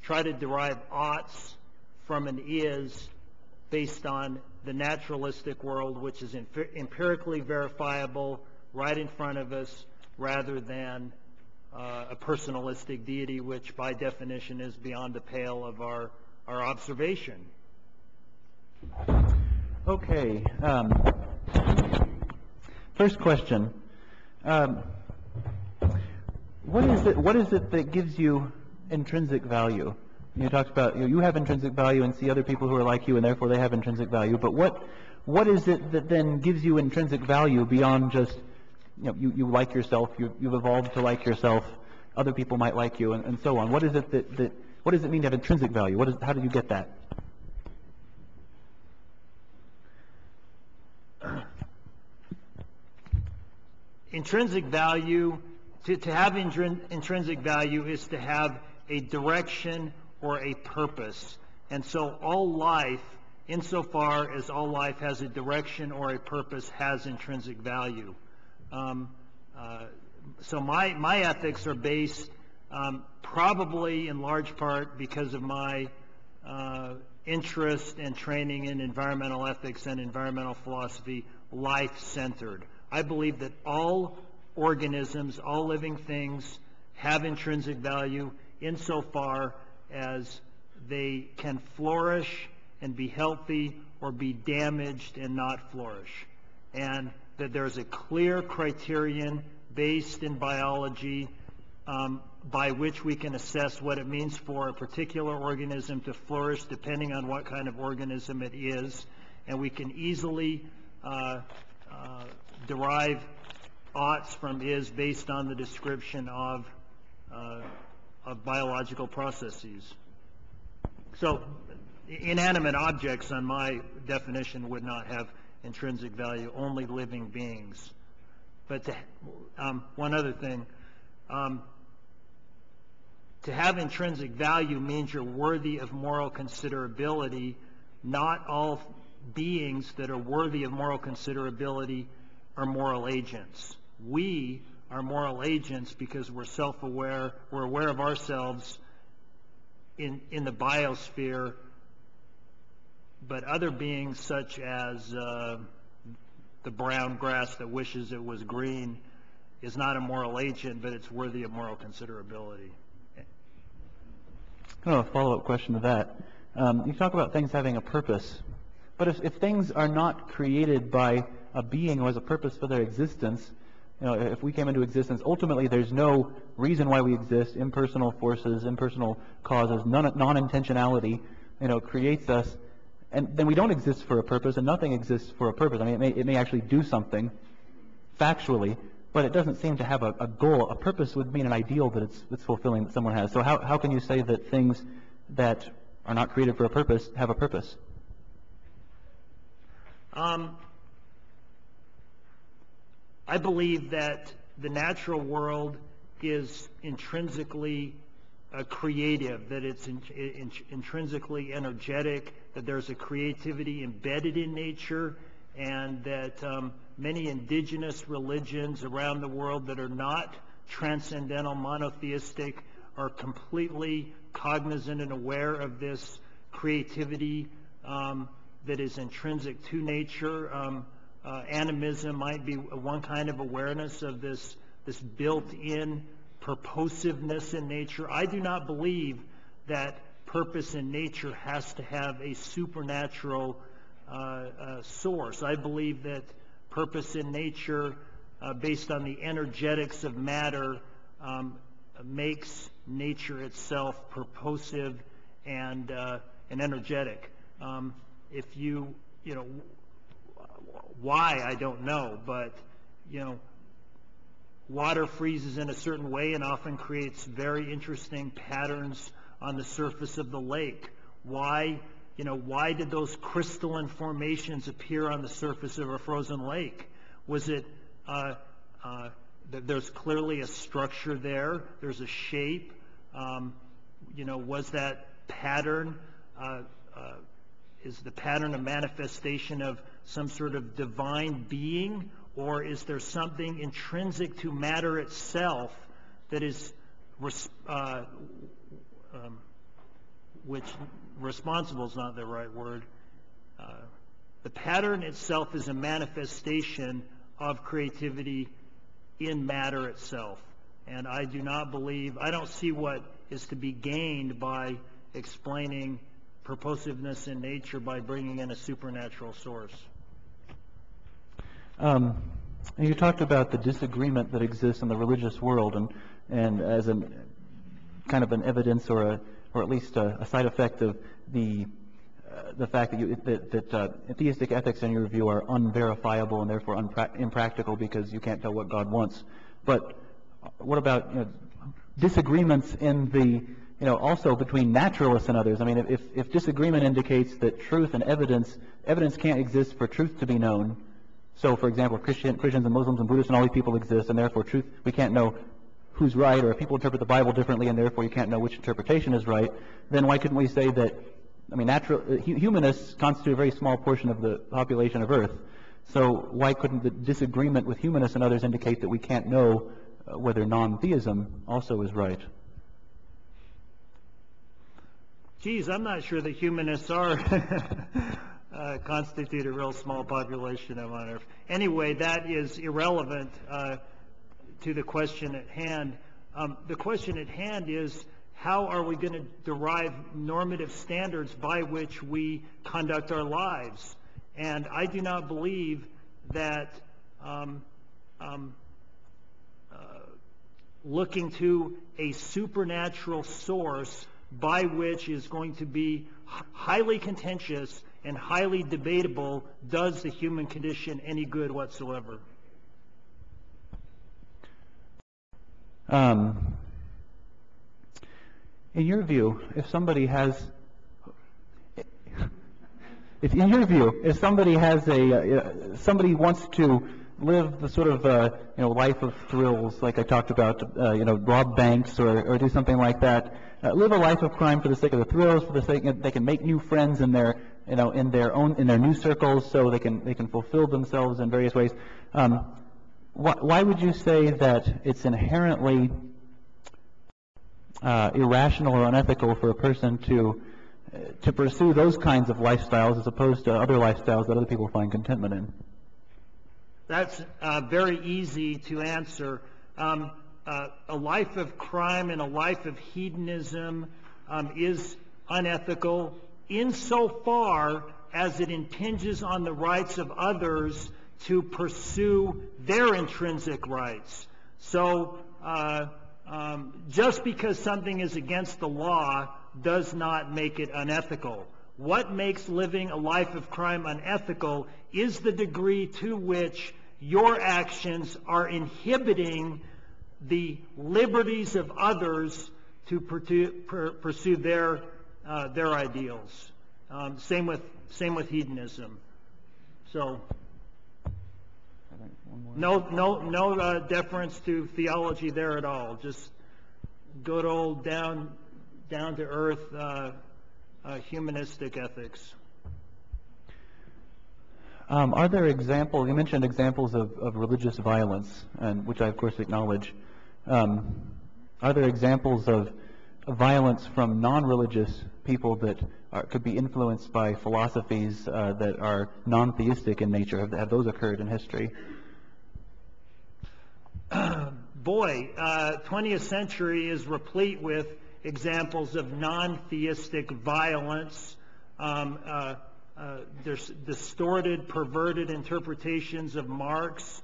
try to derive oughts from an is based on the naturalistic world, which is empirically verifiable right in front of us, rather than uh, a personalistic deity, which by definition is beyond the pale of our, our observation. Okay. Um, first question. Um, what is it? What is it that gives you intrinsic value? You talked about you, know, you have intrinsic value and see other people who are like you, and therefore they have intrinsic value. But what what is it that then gives you intrinsic value beyond just you, know, you, you like yourself, you, you've evolved to like yourself, other people might like you, and, and so on. What is it that, that, what does it mean to have intrinsic value? What is, how do you get that? Intrinsic value, to, to have intrin intrinsic value is to have a direction or a purpose. And so all life, insofar as all life has a direction or a purpose, has intrinsic value. Um, uh, so my ethics are based um, probably in large part because of my uh, interest and training in environmental ethics and environmental philosophy, life-centered. I believe that all organisms, all living things, have intrinsic value insofar as they can flourish and be healthy or be damaged and not flourish. And that there's a clear criterion based in biology um, by which we can assess what it means for a particular organism to flourish depending on what kind of organism it is. And we can easily uh, uh, derive oughts from is based on the description of, uh, of biological processes. So inanimate objects on my definition would not have intrinsic value, only living beings. But to, um, one other thing, um, to have intrinsic value means you're worthy of moral considerability. Not all beings that are worthy of moral considerability are moral agents. We are moral agents because we're self-aware, we're aware of ourselves in, in the biosphere but other beings such as uh, the brown grass that wishes it was green is not a moral agent, but it's worthy of moral considerability. Kind of a follow-up question to that. Um, you talk about things having a purpose, but if, if things are not created by a being who has a purpose for their existence, you know, if we came into existence, ultimately there's no reason why we exist. Impersonal forces, impersonal causes, non-intentionality, you know, creates us and then we don't exist for a purpose, and nothing exists for a purpose. I mean, it may, it may actually do something factually, but it doesn't seem to have a, a goal. A purpose would mean an ideal that it's, it's fulfilling that someone has. So how, how can you say that things that are not created for a purpose have a purpose? Um, I believe that the natural world is intrinsically uh, creative, that it's in, in, intrinsically energetic, that there's a creativity embedded in nature, and that um, many indigenous religions around the world that are not transcendental monotheistic are completely cognizant and aware of this creativity um, that is intrinsic to nature. Um, uh, animism might be one kind of awareness of this this built-in purposiveness in nature. I do not believe that purpose in nature has to have a supernatural uh, uh, source. I believe that purpose in nature, uh, based on the energetics of matter, um, makes nature itself purposive and, uh, and energetic. Um, if you, you know, why, I don't know, but, you know, water freezes in a certain way and often creates very interesting patterns on the surface of the lake? Why, you know, why did those crystalline formations appear on the surface of a frozen lake? Was it, uh, uh, th there's clearly a structure there, there's a shape. Um, you know, was that pattern, uh, uh is the pattern a manifestation of some sort of divine being? Or is there something intrinsic to matter itself that is uh, um, which responsible is not the right word. Uh, the pattern itself is a manifestation of creativity in matter itself. And I do not believe, I don't see what is to be gained by explaining purposiveness in nature by bringing in a supernatural source. Um, you talked about the disagreement that exists in the religious world, and, and as an kind of an evidence or a or at least a, a side effect of the uh, the fact that you, that, that uh, theistic ethics in your view are unverifiable and therefore impractical because you can't tell what God wants. But uh, what about you know, disagreements in the you know also between naturalists and others? I mean, if if disagreement indicates that truth and evidence evidence can't exist for truth to be known. So, for example, Christian, Christians and Muslims and Buddhists and all these people exist, and therefore truth we can't know who's right, or if people interpret the Bible differently and therefore you can't know which interpretation is right, then why couldn't we say that, I mean, natural, uh, humanists constitute a very small portion of the population of Earth, so why couldn't the disagreement with humanists and others indicate that we can't know uh, whether non-theism also is right? Geez, I'm not sure that humanists are uh, constitute a real small population on Earth. Anyway, that is irrelevant. Uh, to the question at hand. Um, the question at hand is how are we going to derive normative standards by which we conduct our lives? And I do not believe that um, um, uh, looking to a supernatural source by which is going to be highly contentious and highly debatable does the human condition any good whatsoever. Um, in your view, if somebody has, if in your view, if somebody has a, uh, somebody wants to live the sort of uh, you know life of thrills, like I talked about, uh, you know, rob banks or, or do something like that, uh, live a life of crime for the sake of the thrills, for the sake they can make new friends in their you know in their own in their new circles, so they can they can fulfill themselves in various ways. Um, why would you say that it's inherently uh, irrational or unethical for a person to to pursue those kinds of lifestyles as opposed to other lifestyles that other people find contentment in? That's uh, very easy to answer. Um, uh, a life of crime and a life of hedonism um, is unethical insofar as it impinges on the rights of others to pursue their intrinsic rights. So uh, um, just because something is against the law does not make it unethical. What makes living a life of crime unethical is the degree to which your actions are inhibiting the liberties of others to pursue their uh, their ideals. Um, same with same with hedonism. So. No, no, no uh, deference to theology there at all. Just good old down, down to earth uh, uh, humanistic ethics. Um, are there examples? You mentioned examples of, of religious violence, and which I of course acknowledge. Um, are there examples of violence from non-religious people that are, could be influenced by philosophies uh, that are non-theistic in nature? Have, have those occurred in history? boy, uh, 20th century is replete with examples of non-theistic violence. Um, uh, uh, there's distorted, perverted interpretations of Marx.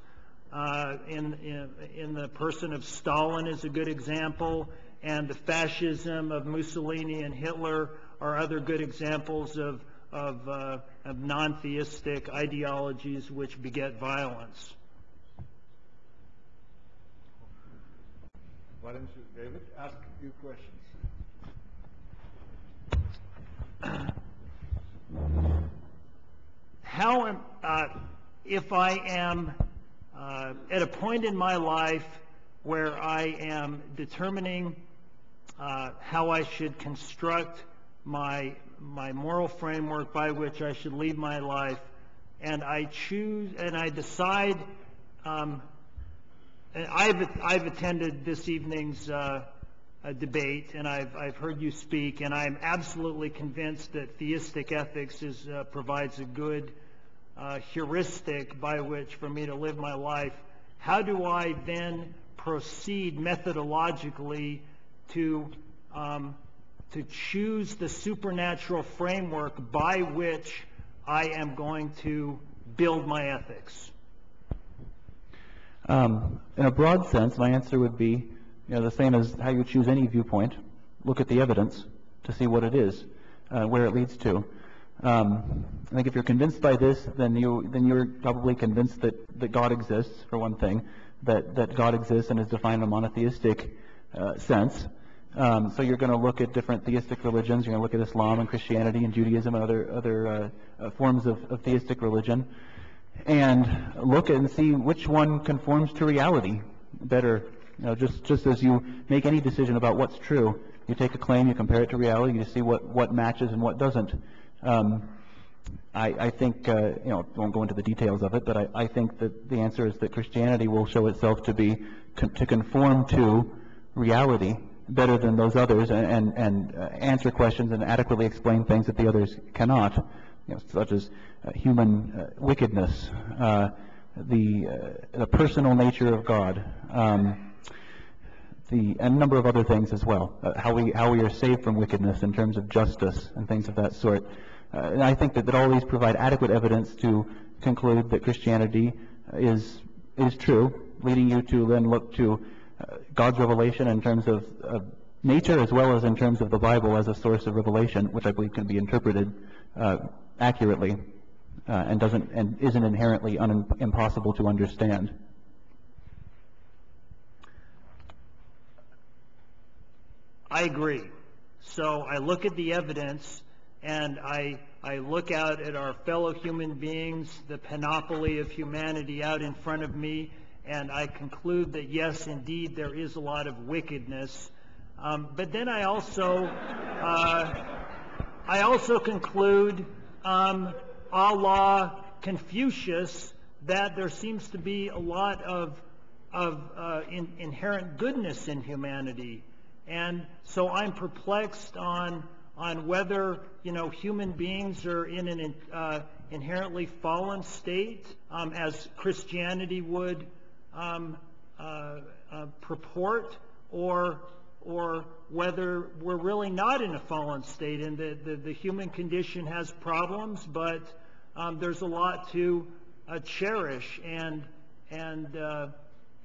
Uh, in, in, in the person of Stalin is a good example, and the fascism of Mussolini and Hitler are other good examples of, of, uh, of non-theistic ideologies which beget violence. Why don't you, David, ask few questions? How am, uh, if I am uh, at a point in my life where I am determining uh, how I should construct my my moral framework by which I should lead my life, and I choose and I decide um, I've, I've attended this evening's uh, debate, and I've, I've heard you speak, and I'm absolutely convinced that theistic ethics is, uh, provides a good uh, heuristic by which for me to live my life. How do I then proceed methodologically to, um, to choose the supernatural framework by which I am going to build my ethics? Um, in a broad sense, my answer would be you know, the same as how you choose any viewpoint. Look at the evidence to see what it is, uh, where it leads to. Um, I think if you're convinced by this, then you then you're probably convinced that, that God exists for one thing, that that God exists and is defined in a monotheistic uh, sense. Um, so you're going to look at different theistic religions. You're going to look at Islam and Christianity and Judaism and other other uh, uh forms of, of theistic religion and look and see which one conforms to reality better. You know, just, just as you make any decision about what's true, you take a claim, you compare it to reality, you see what, what matches and what doesn't. Um, I, I, think, uh, you know, won't go into the details of it, but I, I, think that the answer is that Christianity will show itself to be, con to conform to reality better than those others and, and, and uh, answer questions and adequately explain things that the others cannot, you know, such as uh, human uh, wickedness, uh, the, the personal nature of God, um, the, and a number of other things as well, how, we, how we are saved from wickedness in terms of justice and things of that sort. and I think that, that all these provide adequate evidence to conclude that Christianity is, is true, leading you to then look to God's revelation in terms of, nature as well as in terms of the Bible as a source of revelation, which I believe can be interpreted uh, accurately uh, and doesn't and isn't inherently impossible to understand. I agree. So I look at the evidence and I, I look out at our fellow human beings, the panoply of humanity out in front of me, and I conclude that yes, indeed, there is a lot of wickedness. Um, but then I also, uh, I also conclude um, a la Confucius, that there seems to be a lot of, of uh, in, inherent goodness in humanity. And so I'm perplexed on, on whether, you know, human beings are in an uh, inherently fallen state, um, as Christianity would um, uh, uh purport, or or whether we're really not in a fallen state and the, the, the human condition has problems, but um, there's a lot to uh, cherish and, and, uh,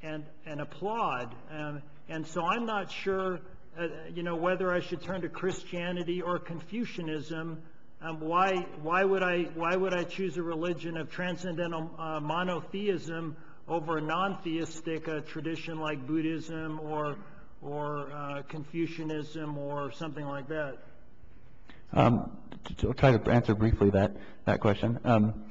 and, and applaud. Um, and so I'm not sure, uh, you know, whether I should turn to Christianity or Confucianism. Um, why, why, would I, why would I choose a religion of transcendental uh, monotheism over a non-theistic tradition like Buddhism or or uh, Confucianism or something like that? Um, I'll try to answer briefly that, that question. Um,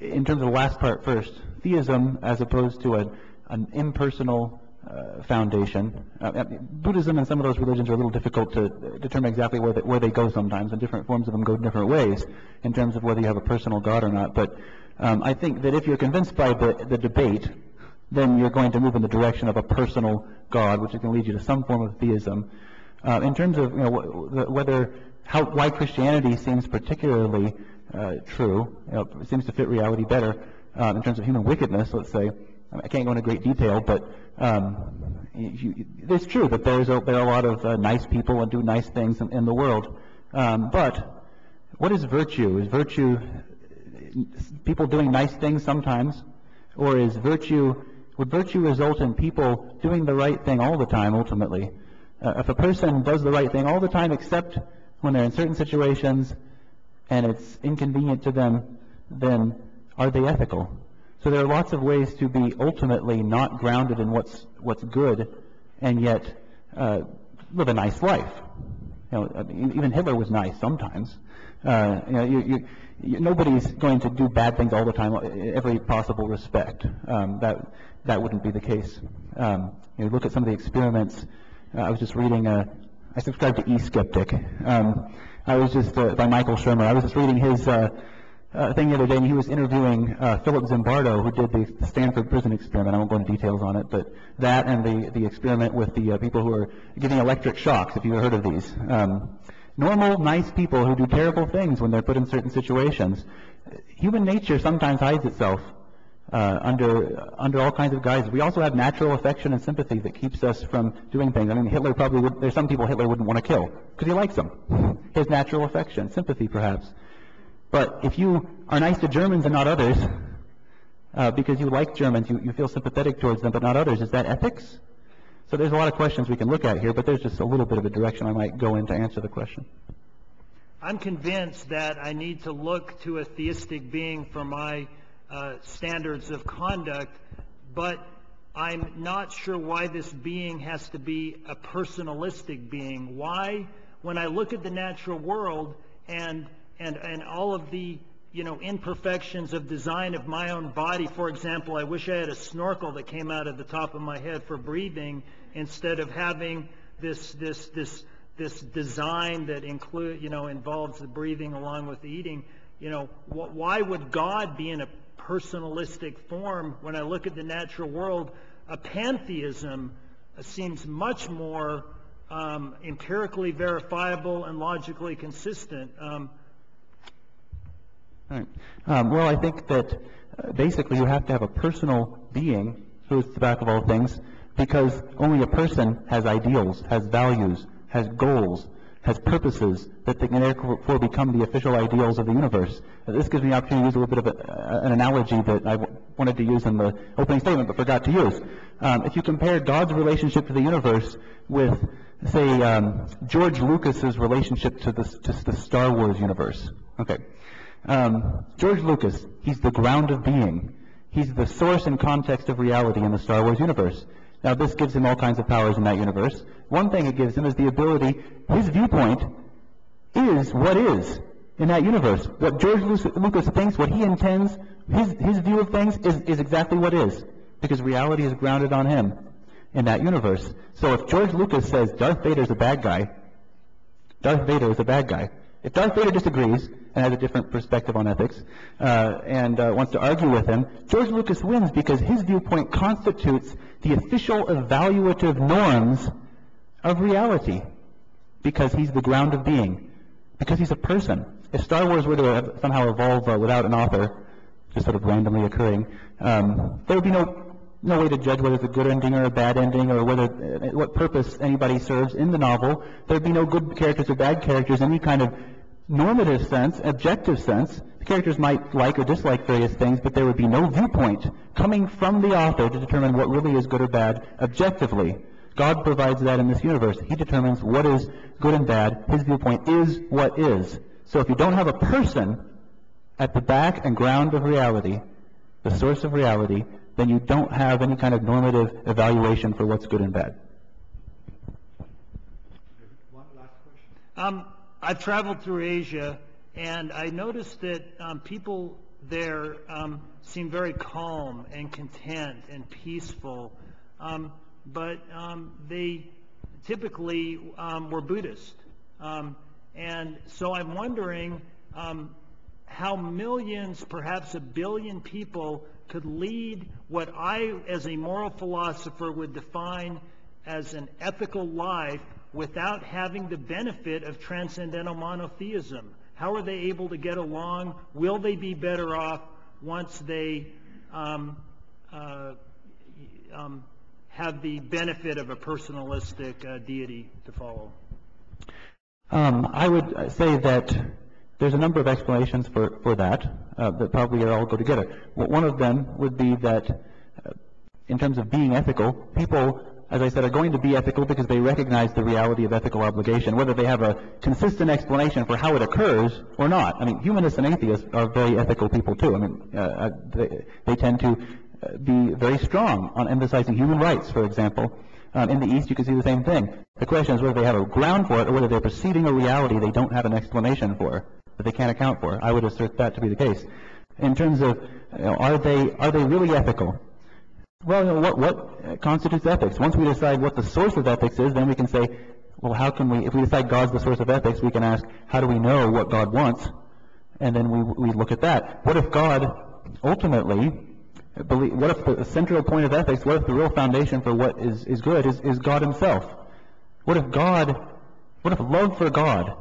in terms of the last part first, theism as opposed to a, an impersonal uh, foundation. Uh, Buddhism and some of those religions are a little difficult to uh, determine exactly where they, where they go sometimes, and different forms of them go different ways in terms of whether you have a personal God or not. But um, I think that if you're convinced by the, the debate then you're going to move in the direction of a personal God, which is going to lead you to some form of theism. Uh, in terms of you know, wh whether how, why Christianity seems particularly uh, true, you know, it seems to fit reality better um, in terms of human wickedness. Let's say I can't go into great detail, but um, you, you, it's true that there's a, there are a lot of uh, nice people and do nice things in, in the world. Um, but what is virtue? Is virtue uh, people doing nice things sometimes, or is virtue would virtue result in people doing the right thing all the time, ultimately? Uh, if a person does the right thing all the time, except when they're in certain situations and it's inconvenient to them, then are they ethical? So there are lots of ways to be ultimately not grounded in what's what's good, and yet uh, live a nice life. You know, even Hitler was nice sometimes. Uh, you know, you, you, you, nobody's going to do bad things all the time, uh, every possible respect. Um, that that wouldn't be the case. Um, you know, look at some of the experiments. Uh, I was just reading, a, uh, I subscribe to E-Skeptic. Um, I was just, uh, by Michael Shermer, I was just reading his uh, uh, thing the other day, and he was interviewing uh, Philip Zimbardo, who did the Stanford prison experiment. I won't go into details on it, but that and the, the experiment with the people who are getting electric shocks, if you've heard of these. Um, normal, nice people who do terrible things when they're put in certain situations. Human nature sometimes hides itself uh, under under all kinds of guises. We also have natural affection and sympathy that keeps us from doing things. I mean, Hitler probably would, there's some people Hitler wouldn't want to kill because he likes them. His natural affection, sympathy perhaps. But if you are nice to Germans and not others, uh, because you like Germans, you, you feel sympathetic towards them but not others, is that ethics? So there's a lot of questions we can look at here, but there's just a little bit of a direction I might go in to answer the question. I'm convinced that I need to look to a theistic being for my uh, standards of conduct, but I'm not sure why this being has to be a personalistic being. Why, when I look at the natural world and and and all of the you know imperfections of design of my own body, for example, I wish I had a snorkel that came out of the top of my head for breathing instead of having this this this this design that include you know involves the breathing along with the eating. You know, wh- why would God be in a personalistic form, when I look at the natural world, a pantheism seems much more um, empirically verifiable and logically consistent. Um, right. Um, well, I think that uh, basically you have to have a personal being who is the back of all things because only a person has ideals, has values, has goals, has purposes that they can therefore become the official ideals of the universe. Uh, this gives me the opportunity to use a little bit of a, uh, an analogy that I wanted to use in the opening statement but forgot to use. Um, if you compare God's relationship to the universe with, say, um, George Lucas's relationship to the, to the Star Wars universe. Okay. Um, George Lucas, he's the ground of being. He's the source and context of reality in the Star Wars universe. Now this gives him all kinds of powers in that universe. One thing it gives him is the ability, his viewpoint is what is in that universe. What George Lucas thinks, what he intends, his, his view of things is, is exactly what is. Because reality is grounded on him in that universe. So if George Lucas says Darth Vader is a bad guy, Darth Vader is a bad guy. If Darth Vader disagrees, and has a different perspective on ethics, uh, and uh, wants to argue with him, George Lucas wins because his viewpoint constitutes the official evaluative norms of reality because he's the ground of being, because he's a person. If Star Wars were to somehow evolve uh, without an author, just sort of randomly occurring, um, there would be no no way to judge whether it's a good ending or a bad ending or whether uh, what purpose anybody serves in the novel. There'd be no good characters or bad characters, any kind of normative sense, objective sense, the characters might like or dislike various things, but there would be no viewpoint coming from the author to determine what really is good or bad objectively. God provides that in this universe. He determines what is good and bad. His viewpoint is what is. So if you don't have a person at the back and ground of reality, the source of reality, then you don't have any kind of normative evaluation for what's good and bad. One last question. Um, I've traveled through Asia, and I noticed that um, people there um, seem very calm and content and peaceful, um, but um, they typically um, were Buddhist. Um, and so I'm wondering how millions, perhaps a billion people, could lead what I, as a moral philosopher, would define as an ethical life without having the benefit of transcendental monotheism? How are they able to get along? Will they be better off once they um, uh, um, have the benefit of a personalistic uh, deity to follow? Um, I would uh, say that there's a number of explanations for, for that uh, that probably all go together. Well, one of them would be that, uh, in terms of being ethical, people as I said, are going to be ethical because they recognize the reality of ethical obligation, whether they have a consistent explanation for how it occurs or not. I mean, humanists and atheists are very ethical people too. I mean, uh, uh they, they, tend to uh, be very strong on emphasizing human rights, for example. Um, in the East, you can see the same thing. The question is whether they have a ground for it or whether they're perceiving a reality they don't have an explanation for, that they can't account for. I would assert that to be the case. In terms of, you know, are they are they really ethical? Well, you know, what, what constitutes ethics? Once we decide what the source of ethics is, then we can say, well, how can we, if we decide God's the source of ethics, we can ask, how do we know what God wants? And then we, we look at that. What if God ultimately, what if the central point of ethics, what if the real foundation for what is, is good is, is God himself? What if God, what if love for God,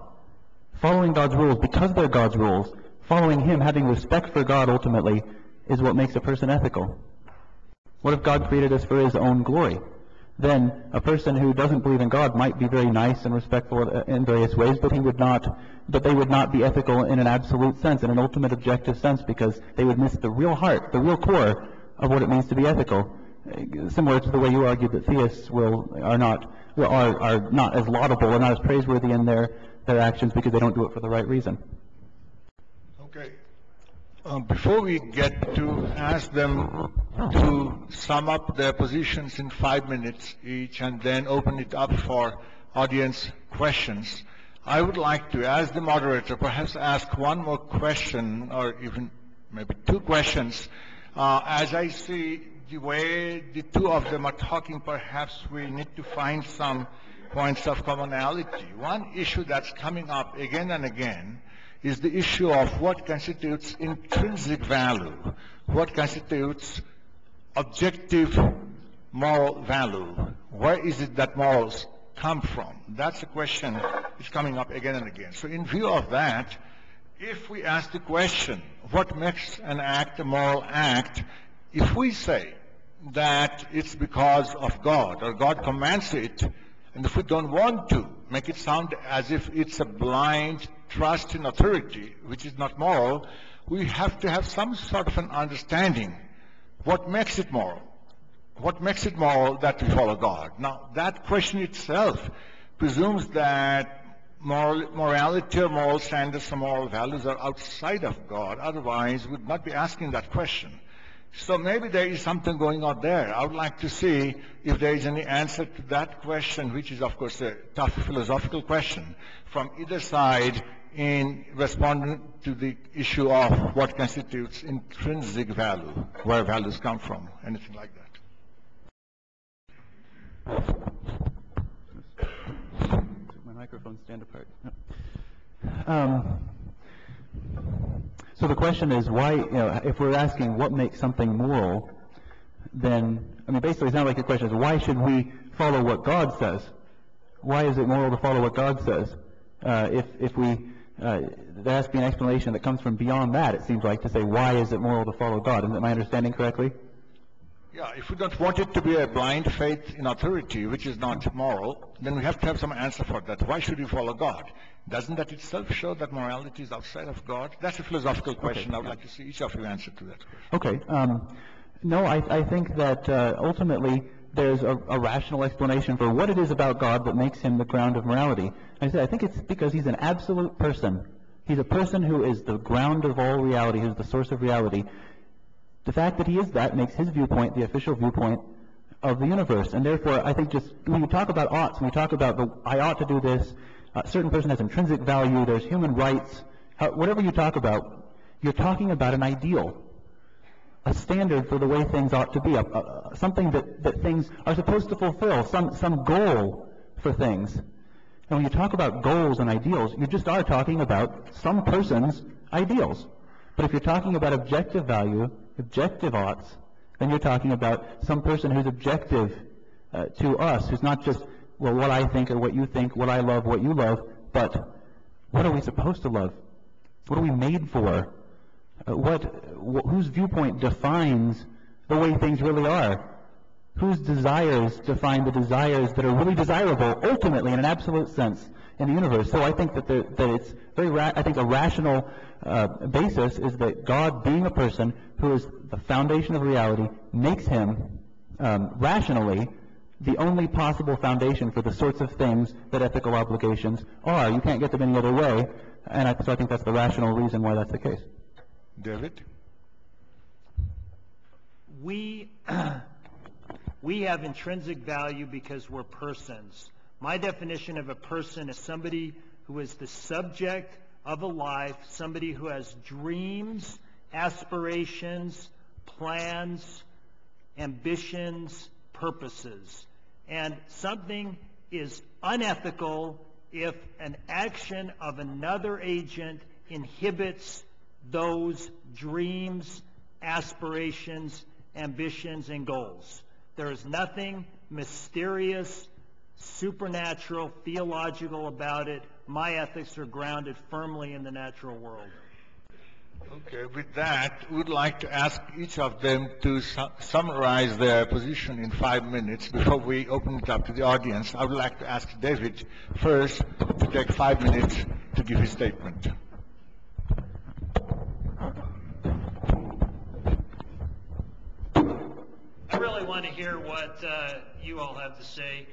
following God's rules, because they're God's rules, following him, having respect for God ultimately, is what makes a person ethical? What if God created us for his own glory? Then a person who doesn't believe in God might be very nice and respectful in various ways, but he would not, but they would not be ethical in an absolute sense, in an ultimate objective sense, because they would miss the real heart, the real core of what it means to be ethical. Similar to the way you argued that theists will are not are are not as laudable and not as praiseworthy in their their actions because they don't do it for the right reason. Uh, before we get to ask them to sum up their positions in five minutes each and then open it up for audience questions, I would like to, as the moderator, perhaps ask one more question or even maybe two questions. Uh, as I see the way the two of them are talking, perhaps we need to find some points of commonality. One issue that's coming up again and again is the issue of what constitutes intrinsic value, what constitutes objective moral value. Where is it that morals come from? That's a question that's coming up again and again. So in view of that, if we ask the question, what makes an act a moral act, if we say that it's because of God or God commands it, and if we don't want to, make it sound as if it's a blind trust in authority, which is not moral, we have to have some sort of an understanding what makes it moral. What makes it moral that we follow God? Now, that question itself presumes that moral, morality or moral standards or moral values are outside of God. Otherwise, we would not be asking that question. So maybe there is something going on there. I would like to see if there is any answer to that question, which is, of course, a tough philosophical question from either side in responding to the issue of what constitutes intrinsic value, where values come from, anything like that. My microphone stand apart. Um, so the question is why, you know, if we're asking what makes something moral, then, I mean, basically it's not like the question is why should we follow what God says? Why is it moral to follow what God says? Uh, if, if we uh, there has to be an explanation that comes from beyond that, it seems like, to say why is it moral to follow God. Isn't my understanding correctly? Yeah, if we don't want it to be a blind faith in authority, which is not moral, then we have to have some answer for that. Why should you follow God? Doesn't that itself show that morality is outside of God? That's a philosophical question. Okay. I would like to see each of you answer to that question. Okay. Um, no, I, I think that uh, ultimately there's a, a, rational explanation for what it is about God that makes him the ground of morality. I said, I think it's because he's an absolute person. He's a person who is the ground of all reality, who's the source of reality. The fact that he is that makes his viewpoint the official viewpoint of the universe. And therefore, I think just when you talk about oughts, when you talk about the, I ought to do this, a certain person has intrinsic value, there's human rights, how, whatever you talk about, you're talking about an ideal a standard for the way things ought to be, a, a, something that, that things are supposed to fulfill, some, some goal for things. And when you talk about goals and ideals, you just are talking about some person's ideals. But if you're talking about objective value, objective oughts, then you're talking about some person who's objective uh, to us, who's not just, well, what I think or what you think, what I love, what you love, but what are we supposed to love? What are we made for? what, whose viewpoint defines the way things really are? Whose desires define the desires that are really desirable ultimately in an absolute sense in the universe? So I think that, that it's very, I think a rational uh, basis is that God being a person who is the foundation of reality makes him um, rationally the only possible foundation for the sorts of things that ethical obligations are. You can't get them any other way, and I, so I think that's the rational reason why that's the case. David? We, we have intrinsic value because we're persons. My definition of a person is somebody who is the subject of a life, somebody who has dreams, aspirations, plans, ambitions, purposes. And something is unethical if an action of another agent inhibits those dreams, aspirations, ambitions, and goals. There is nothing mysterious, supernatural, theological about it. My ethics are grounded firmly in the natural world. Okay, with that, we'd like to ask each of them to su summarize their position in five minutes before we open it up to the audience. I would like to ask David first to take five minutes to give his statement. really want to hear what uh, you all have to say.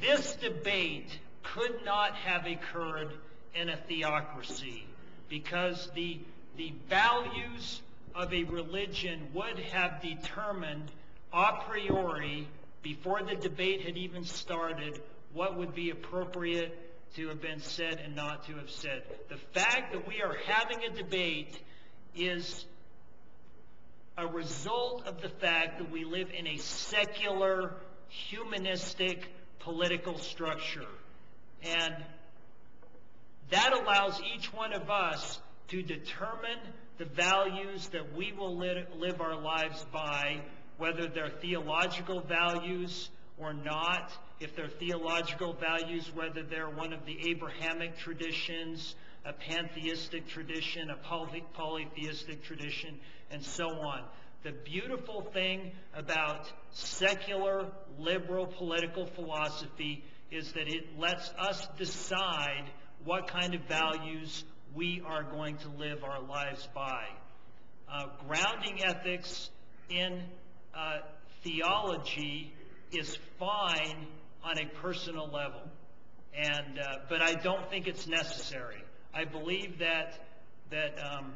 This debate could not have occurred in a theocracy because the, the values of a religion would have determined a priori, before the debate had even started, what would be appropriate to have been said and not to have said. The fact that we are having a debate is a result of the fact that we live in a secular, humanistic political structure. And that allows each one of us to determine the values that we will live our lives by, whether they're theological values or not, if they're theological values, whether they're one of the Abrahamic traditions, a pantheistic tradition, a poly polytheistic tradition, and so on. The beautiful thing about secular liberal political philosophy is that it lets us decide what kind of values we are going to live our lives by. Uh, grounding ethics in uh, theology is fine on a personal level, and uh, but I don't think it's necessary. I believe that that um,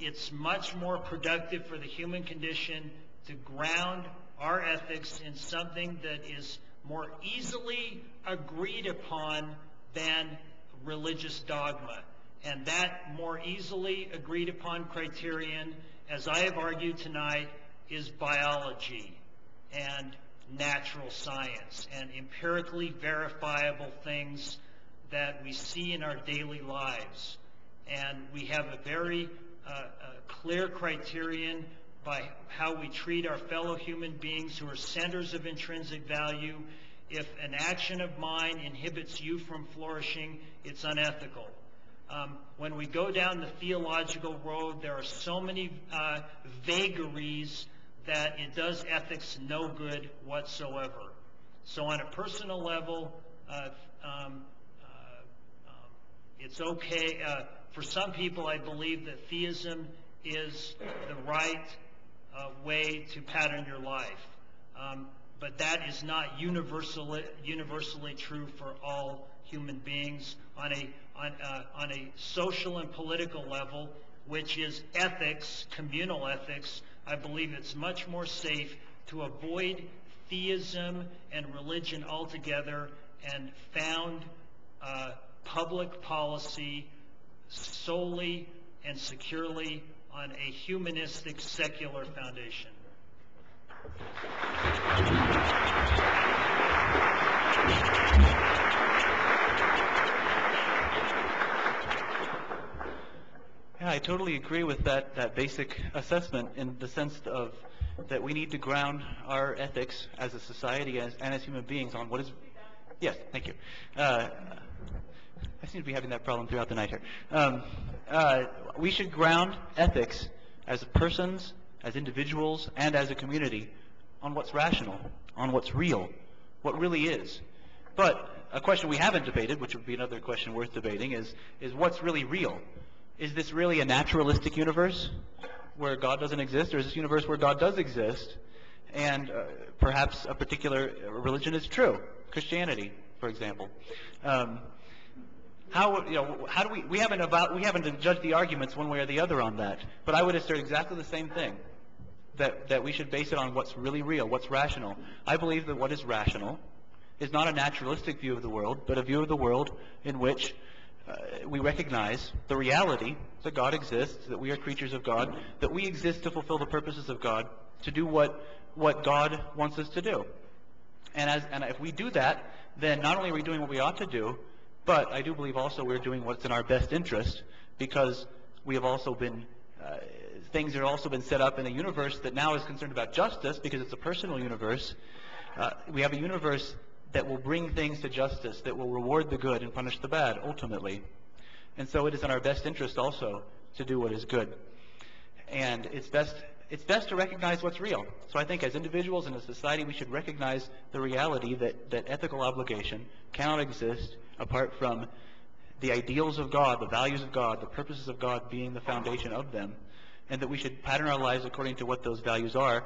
it's much more productive for the human condition to ground our ethics in something that is more easily agreed upon than religious dogma. And that more easily agreed upon criterion, as I have argued tonight, is biology and natural science and empirically verifiable things that we see in our daily lives. And we have a very a clear criterion by how we treat our fellow human beings who are centers of intrinsic value. If an action of mine inhibits you from flourishing, it's unethical. Um, when we go down the theological road, there are so many uh, vagaries that it does ethics no good whatsoever. So on a personal level, uh, um, uh, um, it's okay. Uh, for some people, I believe that theism is the right uh, way to pattern your life. Um, but that is not universally, universally true for all human beings on a, on, uh, on a social and political level, which is ethics, communal ethics. I believe it's much more safe to avoid theism and religion altogether and found uh, public policy solely and securely on a humanistic secular foundation. Yeah, I totally agree with that, that basic assessment in the sense of that we need to ground our ethics as a society as, and as human beings on what is... Yes, thank you. Uh, I seem to be having that problem throughout the night here. Um, uh, we should ground ethics as persons, as individuals, and as a community on what's rational, on what's real, what really is. But a question we haven't debated, which would be another question worth debating, is, is what's really real? Is this really a naturalistic universe where God doesn't exist, or is this universe where God does exist and uh, perhaps a particular religion is true? Christianity, for example. Um, how, you know, how do we, we haven't about, we haven't judged the arguments one way or the other on that. But I would assert exactly the same thing, that, that we should base it on what's really real, what's rational. I believe that what is rational is not a naturalistic view of the world, but a view of the world in which uh, we recognize the reality that God exists, that we are creatures of God, that we exist to fulfill the purposes of God, to do what, what God wants us to do. And, as, and if we do that, then not only are we doing what we ought to do, but I do believe also we're doing what's in our best interest because we have also been uh, things that have also been set up in a universe that now is concerned about justice because it's a personal universe. Uh, we have a universe that will bring things to justice, that will reward the good and punish the bad, ultimately. And so it is in our best interest also to do what is good. And it's best, it's best to recognize what's real. So I think as individuals and as society, we should recognize the reality that, that ethical obligation cannot exist apart from the ideals of God, the values of God, the purposes of God being the foundation of them, and that we should pattern our lives according to what those values are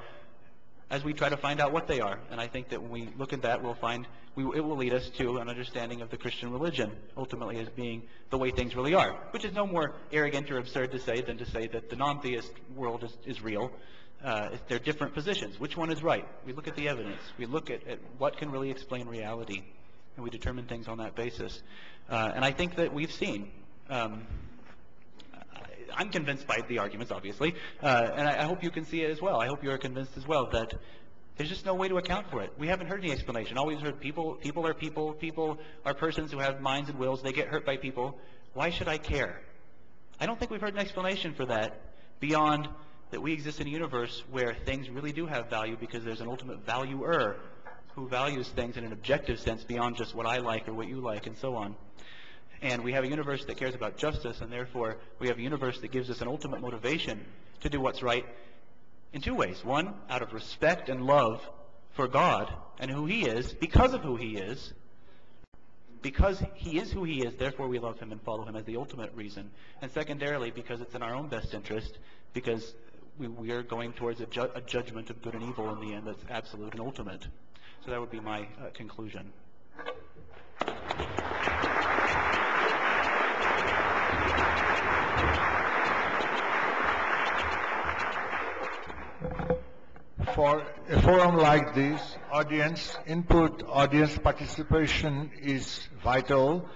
as we try to find out what they are. And I think that when we look at that, we'll find we, it will lead us to an understanding of the Christian religion, ultimately as being the way things really are, which is no more arrogant or absurd to say than to say that the non-theist world is, is real. Uh, they're different positions. Which one is right? We look at the evidence. We look at, at what can really explain reality and we determine things on that basis. Uh, and I think that we've seen. Um, I'm convinced by the arguments, obviously, uh, and I, I, hope you can see it as well. I hope you are convinced as well that there's just no way to account for it. We haven't heard any explanation. All we've heard people, people are people. People are persons who have minds and wills. They get hurt by people. Why should I care? I don't think we've heard an explanation for that beyond that we exist in a universe where things really do have value because there's an ultimate valuer who values things in an objective sense beyond just what I like or what you like and so on. And we have a universe that cares about justice, and therefore we have a universe that gives us an ultimate motivation to do what's right in two ways. One, out of respect and love for God and who He is, because of who He is. Because He is who He is, therefore we love Him and follow Him as the ultimate reason. And secondarily, because it's in our own best interest, because we, we are going towards a, ju a judgment of good and evil in the end that's absolute and ultimate. So that would be my uh, conclusion. For a forum like this, audience input, audience participation is vital.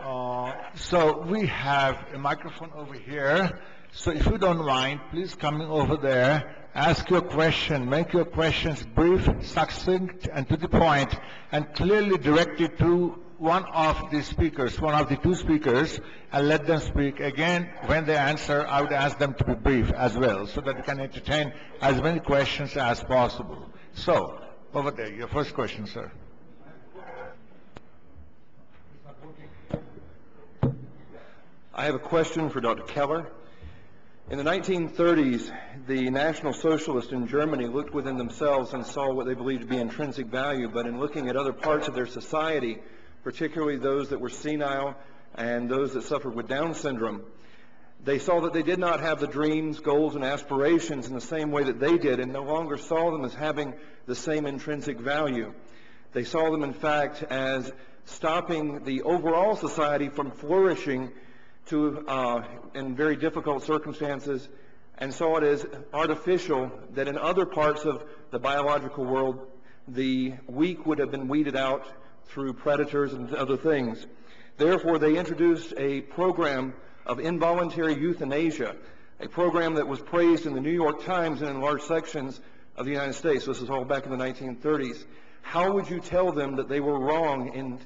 Uh, so we have a microphone over here. So if you don't mind, please come over there, ask your question, make your questions brief, succinct, and to the point, and clearly directed to one of the speakers, one of the two speakers, and let them speak. Again, when they answer, I would ask them to be brief as well, so that we can entertain as many questions as possible. So, over there, your first question, sir. I have a question for Dr. Keller. In the 1930s, the National Socialists in Germany looked within themselves and saw what they believed to be intrinsic value, but in looking at other parts of their society, particularly those that were senile and those that suffered with Down syndrome, they saw that they did not have the dreams, goals, and aspirations in the same way that they did and no longer saw them as having the same intrinsic value. They saw them, in fact, as stopping the overall society from flourishing to, uh, in very difficult circumstances, and so it is artificial that in other parts of the biological world, the weak would have been weeded out through predators and other things. Therefore, they introduced a program of involuntary euthanasia, a program that was praised in the New York Times and in large sections of the United States. This is all back in the 1930s. How would you tell them that they were wrong in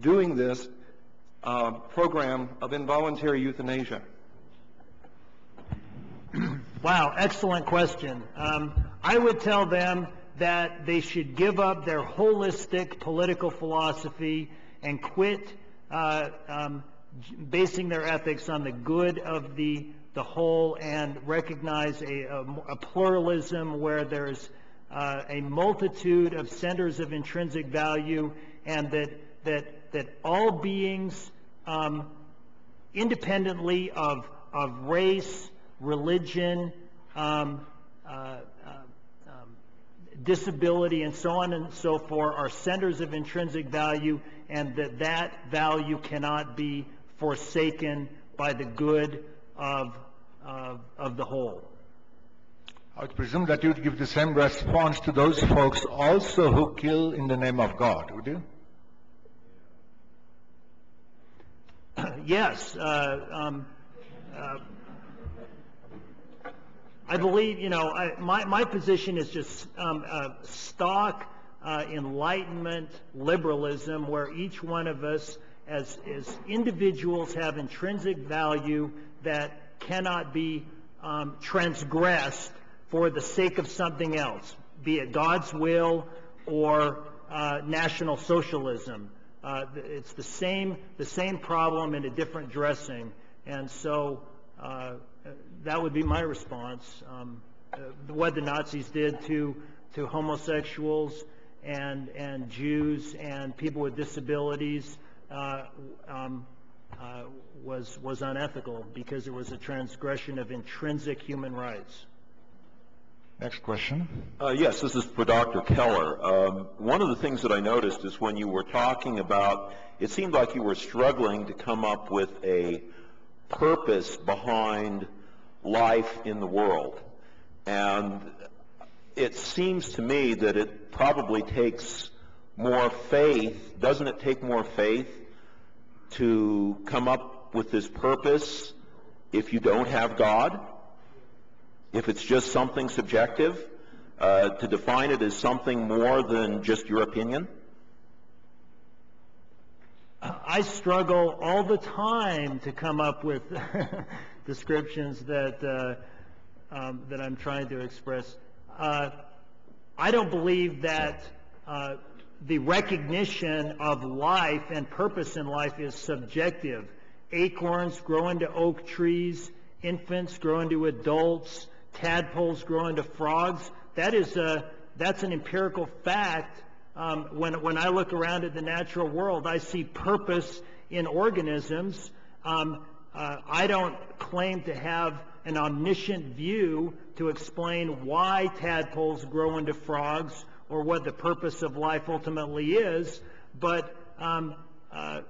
doing this uh, program of involuntary euthanasia? Wow, excellent question. Um, I would tell them that they should give up their holistic political philosophy and quit uh, um, basing their ethics on the good of the the whole and recognize a, a, a pluralism where there's uh, a multitude of centers of intrinsic value and that that that all beings um, independently of, of race, religion, um, uh, uh um, disability, and so on and so forth, are centers of intrinsic value, and that that value cannot be forsaken by the good of, of, of the whole. I would presume that you would give the same response to those folks also who kill in the name of God, would you? yes, uh, um, uh, I believe, you know, I, my, my position is just um, uh, stock enlightenment liberalism where each one of us as, as individuals have intrinsic value that cannot be um, transgressed for the sake of something else, be it God's will or uh, national socialism uh, it's the same, the same problem in a different dressing. And so uh, that would be my response. Um, uh, what the Nazis did to, to homosexuals and, and Jews and people with disabilities uh, um, uh, was, was unethical because it was a transgression of intrinsic human rights. Next question. Uh, yes, this is for Dr. Keller. Um, one of the things that I noticed is when you were talking about, it seemed like you were struggling to come up with a purpose behind life in the world. And it seems to me that it probably takes more faith, doesn't it take more faith to come up with this purpose if you don't have God? if it's just something subjective, uh, to define it as something more than just your opinion? I struggle all the time to come up with descriptions that uh, um, that I'm trying to express. Uh, I don't believe that uh, the recognition of life and purpose in life is subjective. Acorns grow into oak trees. Infants grow into adults tadpoles grow into frogs. That is a, uh, that's an empirical fact. Um, when, when I look around at the natural world, I see purpose in organisms. Um, uh, I don't claim to have an omniscient view to explain why tadpoles grow into frogs or what the purpose of life ultimately is, but um, uh,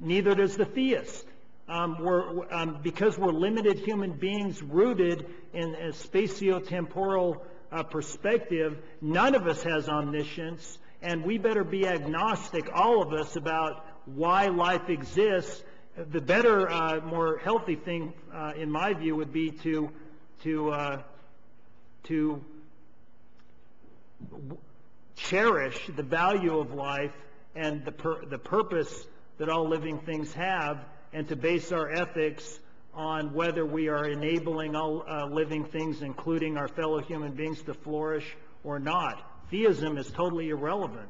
neither does the theist um, we're, um, because we're limited human beings rooted in a spatiotemporal uh, perspective, none of us has omniscience, and we better be agnostic, all of us, about why life exists. The better, uh, more healthy thing, uh, in my view, would be to to uh, to cherish the value of life and the pur the purpose that all living things have and to base our ethics on whether we are enabling all uh, living things, including our fellow human beings, to flourish or not. Theism is totally irrelevant.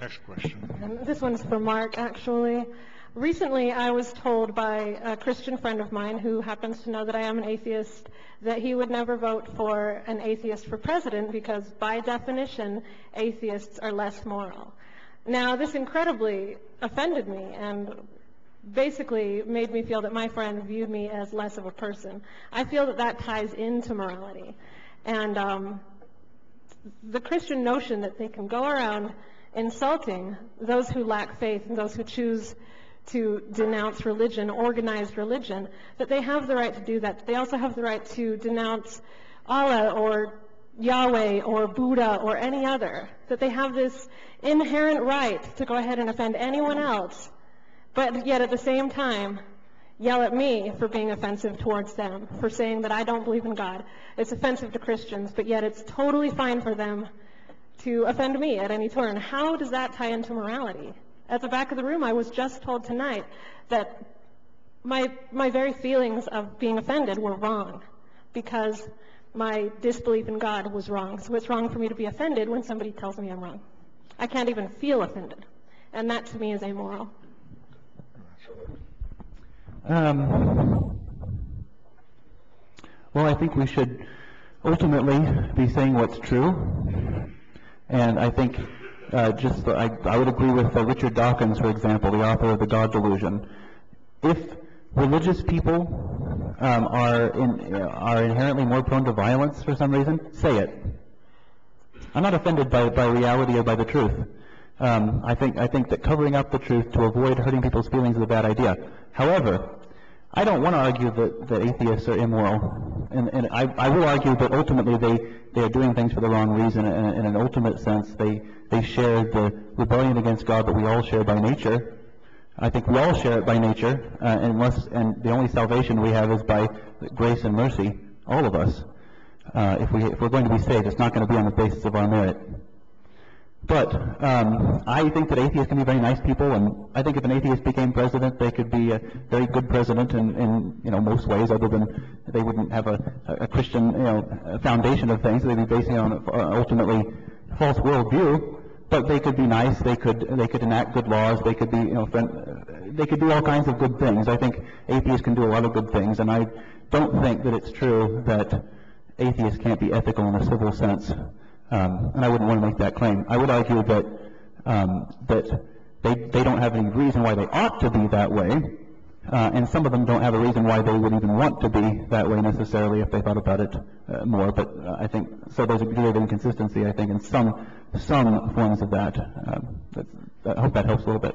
Next question. Um, this one's for Mark, actually. Recently, I was told by a Christian friend of mine who happens to know that I am an atheist that he would never vote for an atheist for president because, by definition, atheists are less moral. Now, this incredibly offended me and basically made me feel that my friend viewed me as less of a person. I feel that that ties into morality. And um, the Christian notion that they can go around insulting those who lack faith and those who choose to denounce religion, organized religion, that they have the right to do that. They also have the right to denounce Allah or Yahweh or Buddha or any other, that they have this inherent right to go ahead and offend anyone else, but yet at the same time yell at me for being offensive towards them, for saying that I don't believe in God. It's offensive to Christians, but yet it's totally fine for them to offend me at any turn. How does that tie into morality? At the back of the room, I was just told tonight that my, my very feelings of being offended were wrong because my disbelief in God was wrong. So it's wrong for me to be offended when somebody tells me I'm wrong. I can't even feel offended. And that to me is amoral. Um, well, I think we should ultimately be saying what's true. And I think uh, just, I, I would agree with uh, Richard Dawkins, for example, the author of The God Delusion. If religious people um, are, in, are inherently more prone to violence for some reason, say it. I'm not offended by, by reality or by the truth. Um, I, think, I think that covering up the truth to avoid hurting people's feelings is a bad idea. However, I don't want to argue that, that atheists are immoral. And, and I, I will argue that ultimately they, they are doing things for the wrong reason. And in an ultimate sense, they, they share the rebellion against God that we all share by nature. I think we all share it by nature, uh, unless, and the only salvation we have is by grace and mercy, all of us. Uh, if, we, if we're going to be saved, it's not going to be on the basis of our merit. But um, I think that atheists can be very nice people, and I think if an atheist became president, they could be a very good president in, in you know most ways, other than they wouldn't have a, a Christian you know foundation of things. They'd be basing on uh, ultimately false worldview but they could be nice. They could they could enact good laws. They could be you know friend, they could do all kinds of good things. I think atheists can do a lot of good things, and I don't think that it's true that atheists can't be ethical in a civil sense. Um, and I wouldn't want to make that claim. I would argue that um, that they they don't have any reason why they ought to be that way, uh, and some of them don't have a reason why they would even want to be that way necessarily if they thought about it uh, more. But uh, I think so. There's a degree of inconsistency, I think, in some some forms of that. Um, that, that I hope that helps a little bit.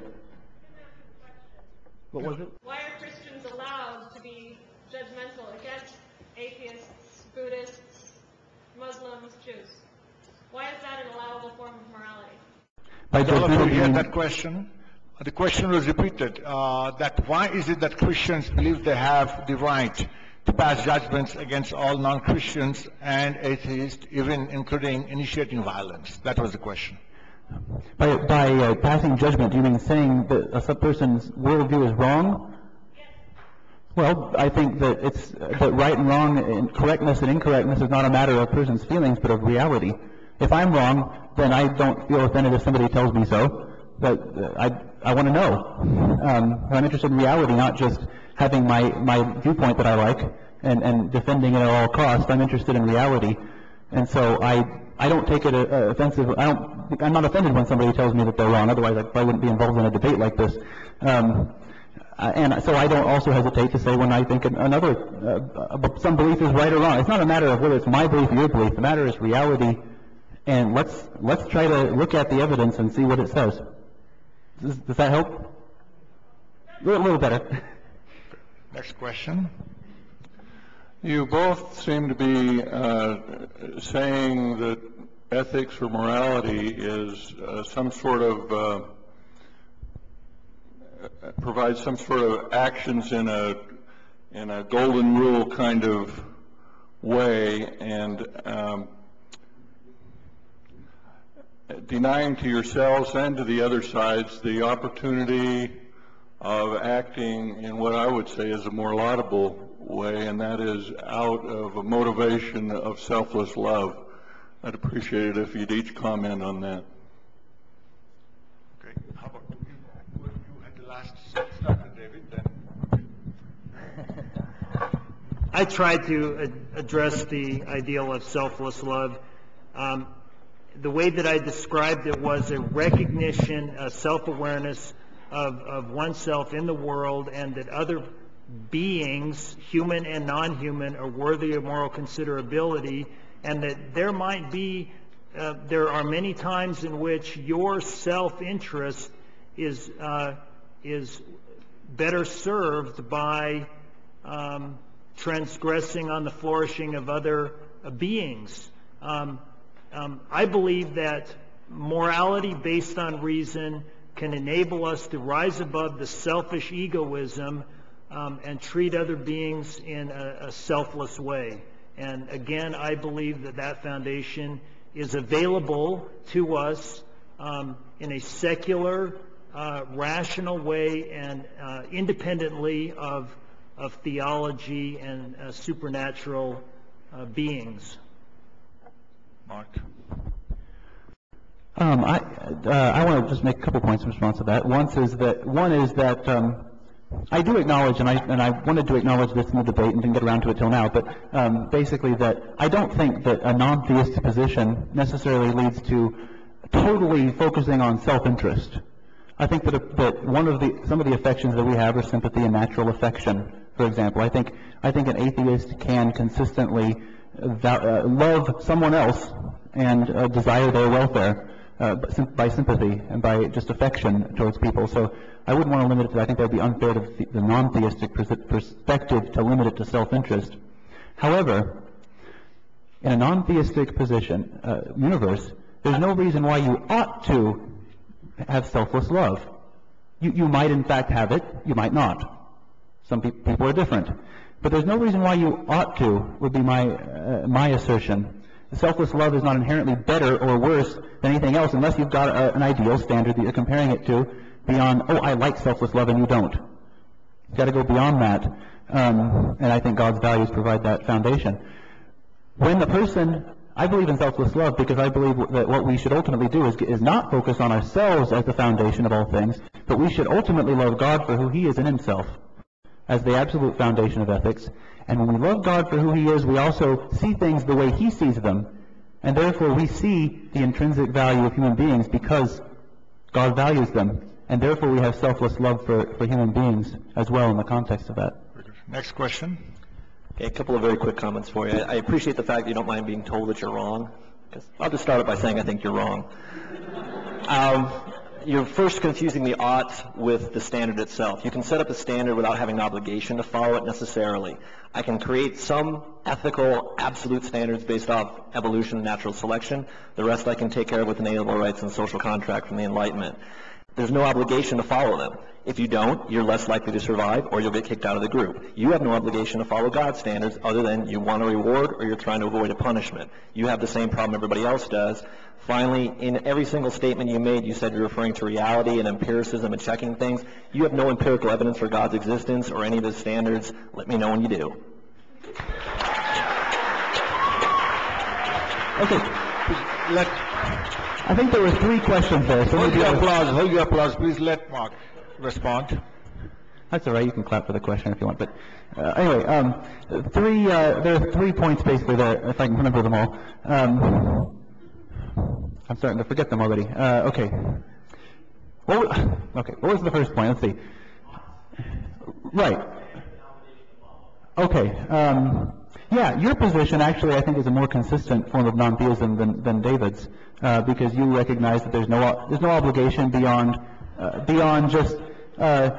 What was it? Why are Christians allowed to be judgmental against atheists, Buddhists, Muslims, Jews? Why is that an allowable form of morality? By I don't know if you heard that question. The question was repeated, uh, that why is it that Christians believe they have the right to pass judgments against all non-Christians and atheists, even including initiating violence? That was the question. By, by uh, passing judgment, do you mean saying that a person's worldview is wrong? Well, I think that it's that right and wrong, and correctness and incorrectness is not a matter of a person's feelings, but of reality. If I'm wrong, then I don't feel offended if somebody tells me so. But uh, I I want to know. Um, I'm interested in reality, not just having my, my viewpoint that I like and, and defending it at all costs. I'm interested in reality. And so I, I don't take it uh, uh offensive. I don't, I'm not offended when somebody tells me that they're wrong. Otherwise, I probably wouldn't be involved in a debate like this. Um, uh, and so I don't also hesitate to say when I think another, uh, some belief is right or wrong. It's not a matter of whether it's my belief or your belief. The matter is reality, and let's let's try to look at the evidence and see what it says. Does, does that help? A little better. Next question. You both seem to be uh, saying that ethics or morality is uh, some sort of uh, provides some sort of actions in a in a golden rule kind of way, and um, denying to yourselves and to the other sides the opportunity of acting in what I would say is a more laudable way, and that is out of a motivation of selfless love. I'd appreciate it if you'd each comment on that. Okay. How about you? You had the last start, David. Then. I tried to address the ideal of selfless love. Um, the way that I described it was a recognition, a self-awareness of, of oneself in the world and that other beings, human and non-human, are worthy of moral considerability and that there might be, uh, there are many times in which your self-interest is, uh, is better served by um, transgressing on the flourishing of other uh, beings. Um, um, I believe that morality based on reason can enable us to rise above the selfish egoism um, and treat other beings in a, a, selfless way. And again, I believe that that foundation is available to us um, in a secular, uh, rational way and uh, independently of, of theology and uh, supernatural uh, beings. Mark. Um, I, uh, I want to just make a couple points in response to that. One is that, one is that um, I do acknowledge, and I, and I wanted to acknowledge this in the debate and didn't get around to it till now, but um, basically that I don't think that a non-theistic position necessarily leads to totally focusing on self-interest. I think that, a, that one of the, some of the affections that we have are sympathy and natural affection, for example. I think, I think an atheist can consistently uh, love someone else and uh, desire their welfare uh, by sympathy and by just affection towards people. So I wouldn't want to limit it to, I think that would be unfair to the, the non-theistic perspective to limit it to self-interest. However, in a non-theistic position, uh, universe, there's no reason why you ought to have selfless love. You, you might in fact have it, you might not. Some pe people are different. But there's no reason why you ought to, would be my, uh, my assertion. Selfless love is not inherently better or worse than anything else unless you've got a, an ideal standard that you're comparing it to beyond, oh, I like selfless love and you don't. You've got to go beyond that. Um, and I think God's values provide that foundation. When the person, I believe in selfless love because I believe that what we should ultimately do is, is not focus on ourselves as the foundation of all things, but we should ultimately love God for who he is in himself as the absolute foundation of ethics and when we love God for who he is, we also see things the way he sees them. And therefore, we see the intrinsic value of human beings because God values them. And therefore, we have selfless love for, for human beings as well in the context of that. Next question. Okay, a couple of very quick comments for you. I, appreciate the fact that you don't mind being told that you're wrong. I'll just start it by saying I think you're wrong. Um, you're first confusing the ought with the standard itself. You can set up a standard without having an obligation to follow it necessarily. I can create some ethical absolute standards based off evolution and natural selection. The rest I can take care of with inalienable rights and social contract from the Enlightenment. There's no obligation to follow them. If you don't, you're less likely to survive or you'll get kicked out of the group. You have no obligation to follow God's standards other than you want a reward or you're trying to avoid a punishment. You have the same problem everybody else does. Finally, in every single statement you made, you said you're referring to reality and empiricism and checking things. You have no empirical evidence for God's existence or any of his standards. Let me know when you do. Okay. Let I think there were three questions there. So Hold your applause, hold your applause. Please let Mark respond. That's all right. You can clap for the question if you want. But uh, anyway, um, three uh, there are three points basically there, if I can remember them all. Um, I'm starting to forget them already. Uh, okay. What was, okay. What was the first point? Let's see. Right. Okay. Um, yeah, your position actually I think is a more consistent form of non-theism than, than David's. Uh, because you recognize that there's no there's no obligation beyond uh, beyond just uh,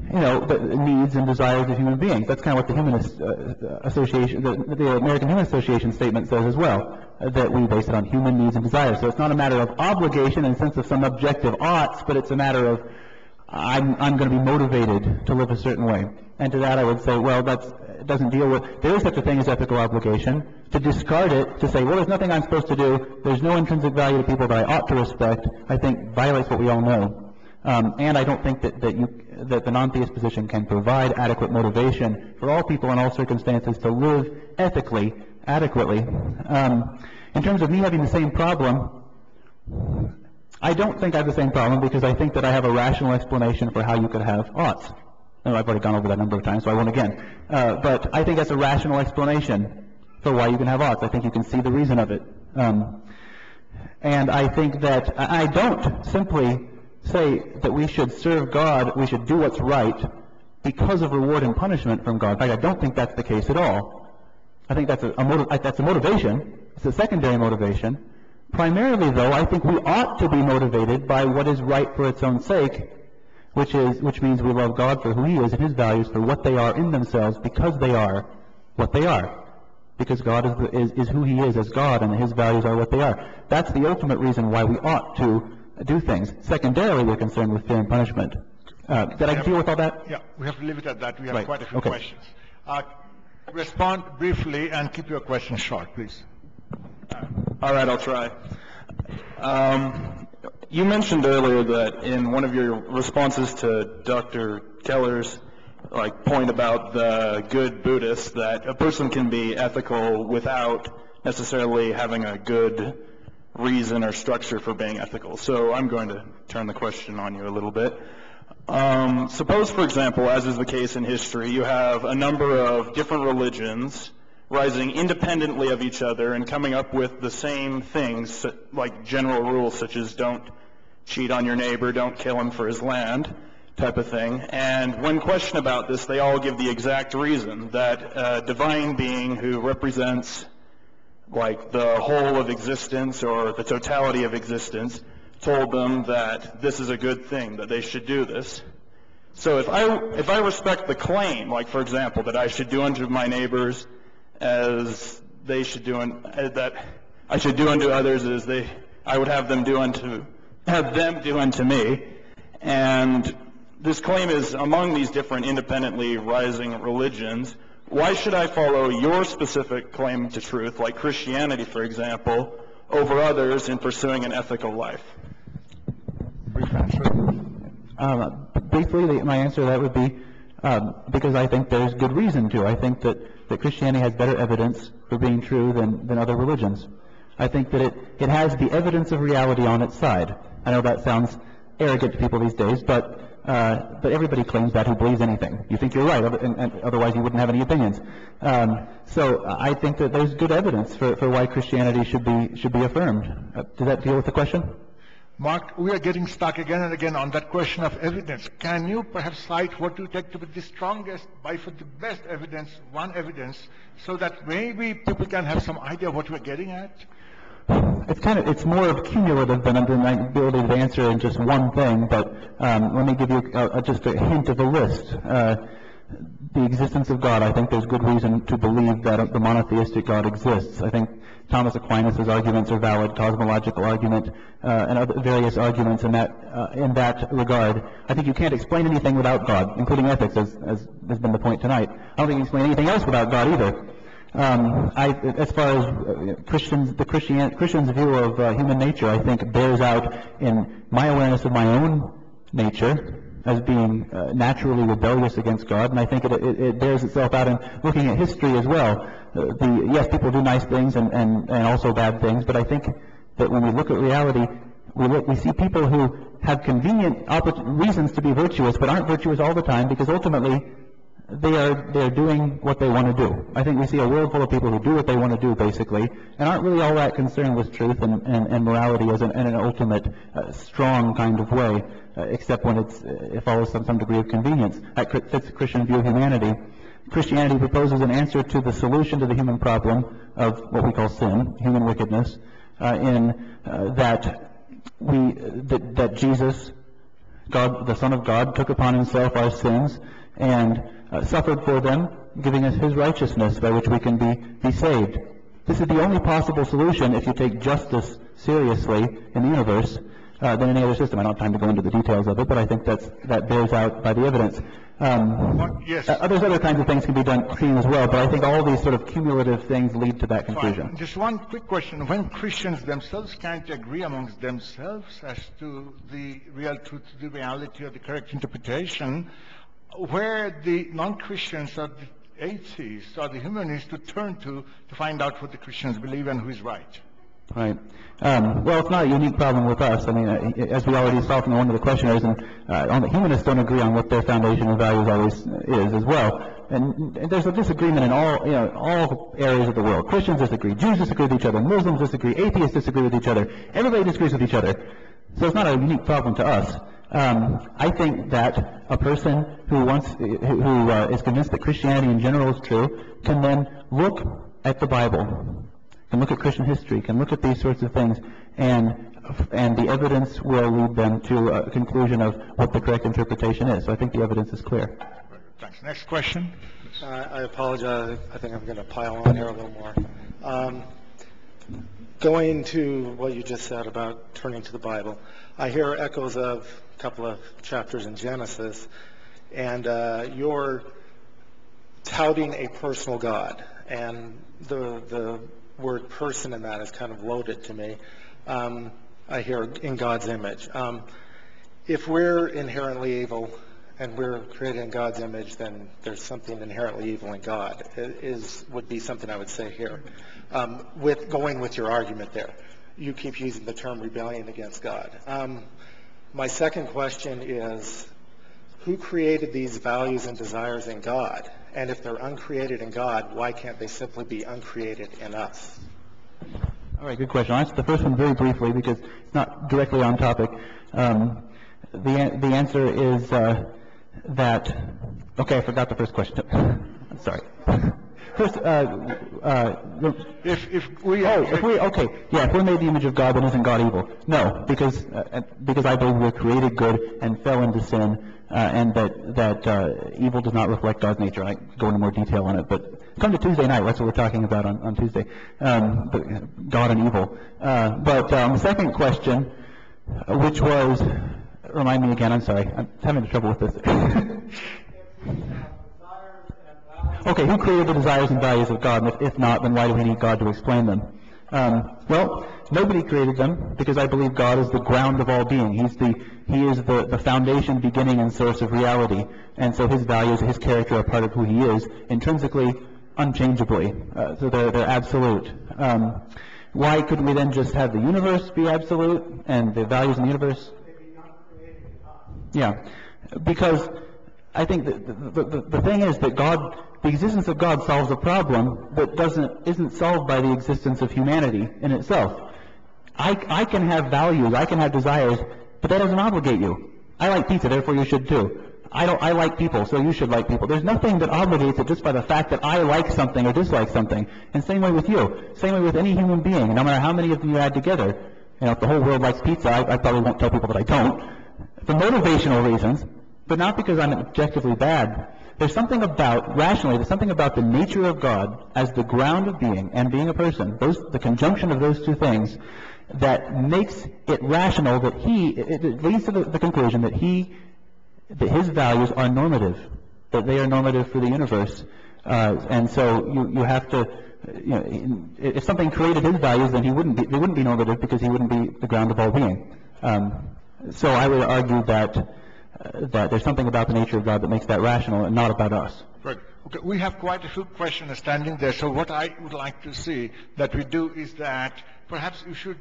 you know the needs and desires of human beings. That's kind of what the humanist uh, association, the, the, American Human Association statement says as well, that we base it on human needs and desires. So it's not a matter of obligation in the sense of some objective oughts, but it's a matter of I'm, I'm going to be motivated to live a certain way. And to that I would say, well, that's doesn't deal with, there is such a thing as ethical obligation, to discard it, to say, well, there's nothing I'm supposed to do, there's no intrinsic value to people that I ought to respect, I think violates what we all know. Um, and I don't think that, that, you, that the non-theist position can provide adequate motivation for all people in all circumstances to live ethically, adequately. Um, in terms of me having the same problem, I don't think I have the same problem because I think that I have a rational explanation for how you could have oughts. I've already gone over that a number of times, so I won't again. Uh, but I think that's a rational explanation for why you can have odds. I think you can see the reason of it. Um, and I think that I don't simply say that we should serve God, we should do what's right because of reward and punishment from God. In fact, I don't think that's the case at all. I think that's a, a motiv- that's a motivation. It's a secondary motivation. Primarily, though, I think we ought to be motivated by what is right for its own sake which is which means we love God for who He is and His values for what they are in themselves because they are what they are. Because God is, is, is who He is as God and His values are what they are. That's the ultimate reason why we ought to do things. Secondarily, we're concerned with fear and punishment. Uh, did I deal with all that? Yeah, we have to leave it at that. We have right. quite a few okay. questions. Uh, respond briefly and keep your questions short, please. All right, I'll try. Um, you mentioned earlier that in one of your responses to Dr. Keller's like point about the good Buddhist that a person can be ethical without necessarily having a good reason or structure for being ethical. So I'm going to turn the question on you a little bit. Um, suppose, for example, as is the case in history, you have a number of different religions rising independently of each other and coming up with the same things, like general rules such as don't cheat on your neighbor, don't kill him for his land type of thing. And when questioned about this, they all give the exact reason that a divine being who represents like the whole of existence or the totality of existence told them that this is a good thing, that they should do this. So if I, if I respect the claim, like for example, that I should do unto my neighbors as they should do, and that I should do unto others as they I would have them do unto have them do unto me. And this claim is among these different independently rising religions. Why should I follow your specific claim to truth, like Christianity, for example, over others in pursuing an ethical life? Brief answer. Um, briefly, my answer to that would be um, because I think there's good reason to. I think that that Christianity has better evidence for being true than, than other religions. I think that it, it has the evidence of reality on its side. I know that sounds arrogant to people these days, but uh, but everybody claims that who believes anything. You think you're right, and, and otherwise you wouldn't have any opinions. Um, so I think that there's good evidence for, for why Christianity should be should be affirmed. Uh, does that deal with the question? Mark, we are getting stuck again and again on that question of evidence. Can you perhaps cite what you take to be the strongest, by far the best evidence, one evidence, so that maybe people can have some idea what we're getting at? It's kind of, it's more of cumulative than I'm ability to answer in just one thing, but um, let me give you a, uh, a, uh, just a hint of a list. Uh, the existence of God, I think there's good reason to believe that the monotheistic God exists. I think Thomas Aquinas' arguments are valid, cosmological argument, uh, and other, various arguments in that, uh, in that regard. I think you can't explain anything without God, including ethics, as, as has been the point tonight. I don't think you can explain anything else without God either. Um, I, as far as uh, Christians, the Christian, Christian's view of uh, human nature, I think bears out in my awareness of my own nature, as being uh, naturally rebellious against God, and I think it, it, it, bears itself out in looking at history as well. Uh, the, yes, people do nice things and, and, and also bad things, but I think that when we look at reality, we, look, we see people who have convenient reasons to be virtuous, but aren't virtuous all the time because ultimately they are they're doing what they want to do. I think we see a world full of people who do what they want to do, basically, and aren't really all that concerned with truth and, and, and morality as an, in an ultimate, uh, strong kind of way, uh, except when it's, uh, it follows some, some degree of convenience. That fits the Christian view of humanity. Christianity proposes an answer to the solution to the human problem of what we call sin, human wickedness, uh, in uh, that we that, that Jesus, God, the Son of God, took upon himself our sins and uh, suffered for them, giving us his righteousness by which we can be, be saved. This is the only possible solution if you take justice seriously in the universe uh, than any other system. I don't have time to go into the details of it, but I think that's, that bears out by the evidence. Um, yes. Uh, there's other kinds of things can be done seen as well, but I think all these sort of cumulative things lead to that conclusion. Fine. Just one quick question. When Christians themselves can't agree amongst themselves as to the real truth, the reality, or the correct interpretation where the non-Christians or the atheists or the humanists to turn to to find out what the Christians believe and who is right. Right. Um, well, it's not a unique problem with us. I mean, uh, as we already saw from one of the questioners, and uh, the humanists don't agree on what their foundational values always uh, is as well. And, and, there's a disagreement in all, you know, all areas of the world. Christians disagree, Jews disagree with each other, Muslims disagree, atheists disagree with each other. Everybody disagrees with each other. So it's not a unique problem to us. Um, I think that a person who wants, who uh, is convinced that Christianity in general is true, can then look at the Bible, can look at Christian history, can look at these sorts of things, and and the evidence will lead them to a conclusion of what the correct interpretation is. So I think the evidence is clear. Thanks. Next question. Uh, I apologize. I think I'm going to pile on here a little more. Um, going to what you just said about turning to the Bible. I hear echoes of a couple of chapters in Genesis, and uh, you're touting a personal God, and the the word person in that is kind of loaded to me. Um, I hear in God's image. Um, if we're inherently evil and we're created in God's image, then there's something inherently evil in God. Is would be something I would say here. Um, with going with your argument there, you keep using the term rebellion against God. Um, my second question is, who created these values and desires in God? And if they're uncreated in God, why can't they simply be uncreated in us? All right, good question. I'll answer the first one very briefly because it's not directly on topic. Um, the, the answer is uh, that, okay, I forgot the first question. Sorry. First, uh, uh, If, if we. oh, if we, okay, yeah, if we're made the image of God, then isn't God evil? No, because, uh, uh, because I believe we're created good and fell into sin, uh, and that, that uh, evil does not reflect God's nature. I go into more detail on it, but come to Tuesday night. That's what we're talking about on, on Tuesday, um, but uh, God and evil. Uh, but um, second question, which was, remind me again, I'm sorry. I'm having trouble with this. okay, who created the desires and values of God? And if, if not, then why do we need God to explain them? Um, well, nobody created them because I believe God is the ground of all being. He's the He is the, the foundation, beginning, and source of reality. And so His values, His character are part of who He is, intrinsically, unchangeably. Uh, so they're they're absolute. Um, why couldn't we then just have the universe be absolute and the values in the universe? Yeah, because I think the the, the, the thing is that God the existence of God solves a problem that doesn't isn't solved by the existence of humanity in itself. I, I can have values, I can have desires, but that doesn't obligate you. I like pizza, therefore you should too. I don't I like people, so you should like people. There's nothing that obligates it just by the fact that I like something or dislike something. And same way with you. Same way with any human being, no matter how many of them you add together. You know, if the whole world likes pizza, I, I probably won't tell people that I don't. For motivational reasons, but not because I'm objectively bad. There's something about, rationally, there's something about the nature of God as the ground of being and being a person, those, the conjunction of those two things, that makes it rational that he, it, it leads to the, the conclusion that he, that his values are normative, that they are normative for the universe. Uh, and so you, you have to, you know, if something created his values, then he wouldn't be, they wouldn't be normative because he wouldn't be the ground of all being. Um, so I would argue that that there's something about the nature of God that makes that rational and not about us. Right. Okay, we have quite a few questions standing there. So what I would like to see that we do is that perhaps you should,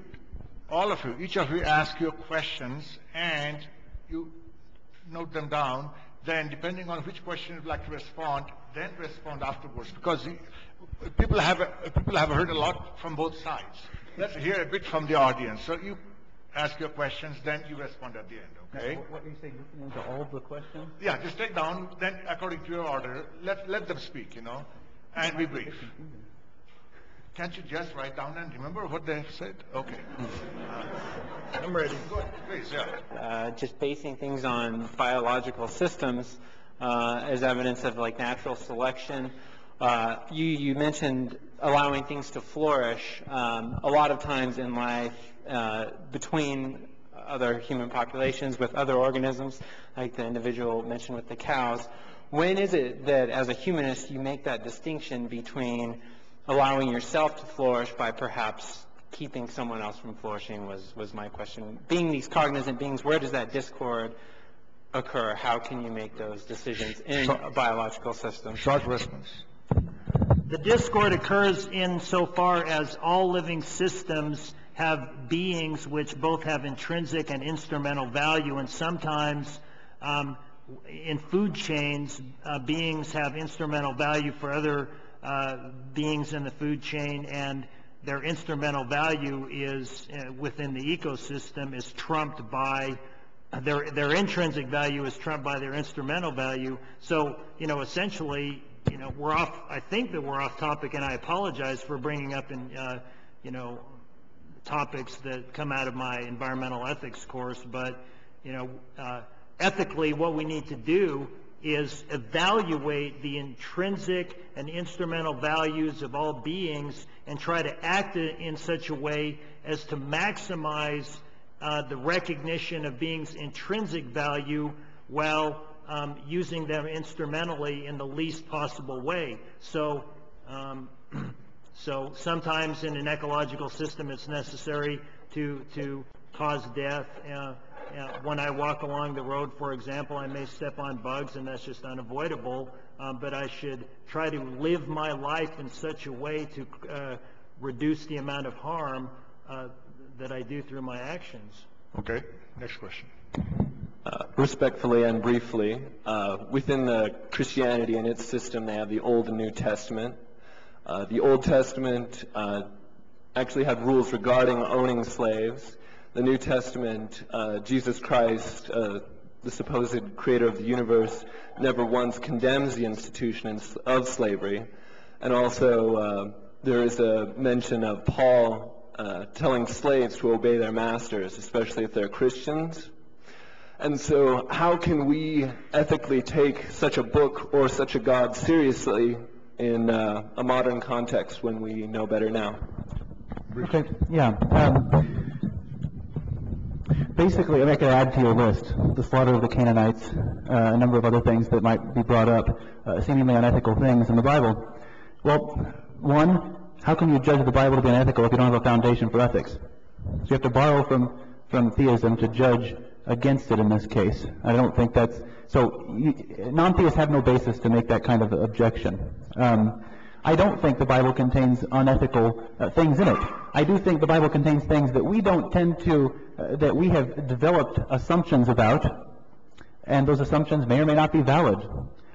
all of you, each of you ask your questions and you note them down. Then depending on which question you'd like to respond, then respond afterwards. Because people have, people have heard a lot from both sides. Let's hear a bit from the audience. So you ask your questions, then you respond at the end, okay? Now, What do you say, listening to all the questions? Yeah, just take down, then according to your order, let, let them speak, you know, and be brief. Can't you just write down and remember what they have said? Okay. I'm ready. Good, please, yeah. uh, just basing things on biological systems uh, as evidence of like natural selection. Uh, you, you mentioned allowing things to flourish. Um, a lot of times in life, uh, between other human populations with other organisms, like the individual mentioned with the cows. When is it that, as a humanist, you make that distinction between allowing yourself to flourish by perhaps keeping someone else from flourishing was, was my question. Being these cognizant beings, where does that discord occur? How can you make those decisions in a biological system? Short response. The discord occurs in so far as all living systems have beings which both have intrinsic and instrumental value, and sometimes um, in food chains, uh, beings have instrumental value for other uh, beings in the food chain, and their instrumental value is uh, within the ecosystem is trumped by their their intrinsic value is trumped by their instrumental value. So you know, essentially, you know, we're off. I think that we're off topic, and I apologize for bringing up in uh, you know topics that come out of my environmental ethics course, but you know, uh, ethically what we need to do is evaluate the intrinsic and instrumental values of all beings and try to act in such a way as to maximize uh, the recognition of beings' intrinsic value while um, using them instrumentally in the least possible way. So um, So sometimes in an ecological system, it's necessary to, to cause death. Uh, uh, when I walk along the road, for example, I may step on bugs, and that's just unavoidable. Um, but I should try to live my life in such a way to uh, reduce the amount of harm uh, that I do through my actions. Okay. Next question. Uh, respectfully and briefly, uh, within the Christianity and its system, they have the Old and New Testament. Uh, the Old Testament uh, actually had rules regarding owning slaves. The New Testament, uh, Jesus Christ, uh, the supposed creator of the universe, never once condemns the institution of slavery. And also, uh, there is a mention of Paul telling slaves to obey their masters, especially if they're Christians. And so, how can we ethically take such a book or such a God seriously in uh, a modern context when we know better now. Okay. Yeah. Um, basically, I could add to your list the slaughter of the Canaanites, uh, a number of other things that might be brought up, uh, seemingly unethical things in the Bible. Well, one, how can you judge the Bible to be unethical if you don't have a foundation for ethics? So you have to borrow from, from theism to judge against it in this case. I don't think that's so. Non-theists have no basis to make that kind of objection. Um, I don't think the Bible contains unethical uh, things in it. I do think the Bible contains things that we don't tend to, uh, that we have developed assumptions about, and those assumptions may or may not be valid.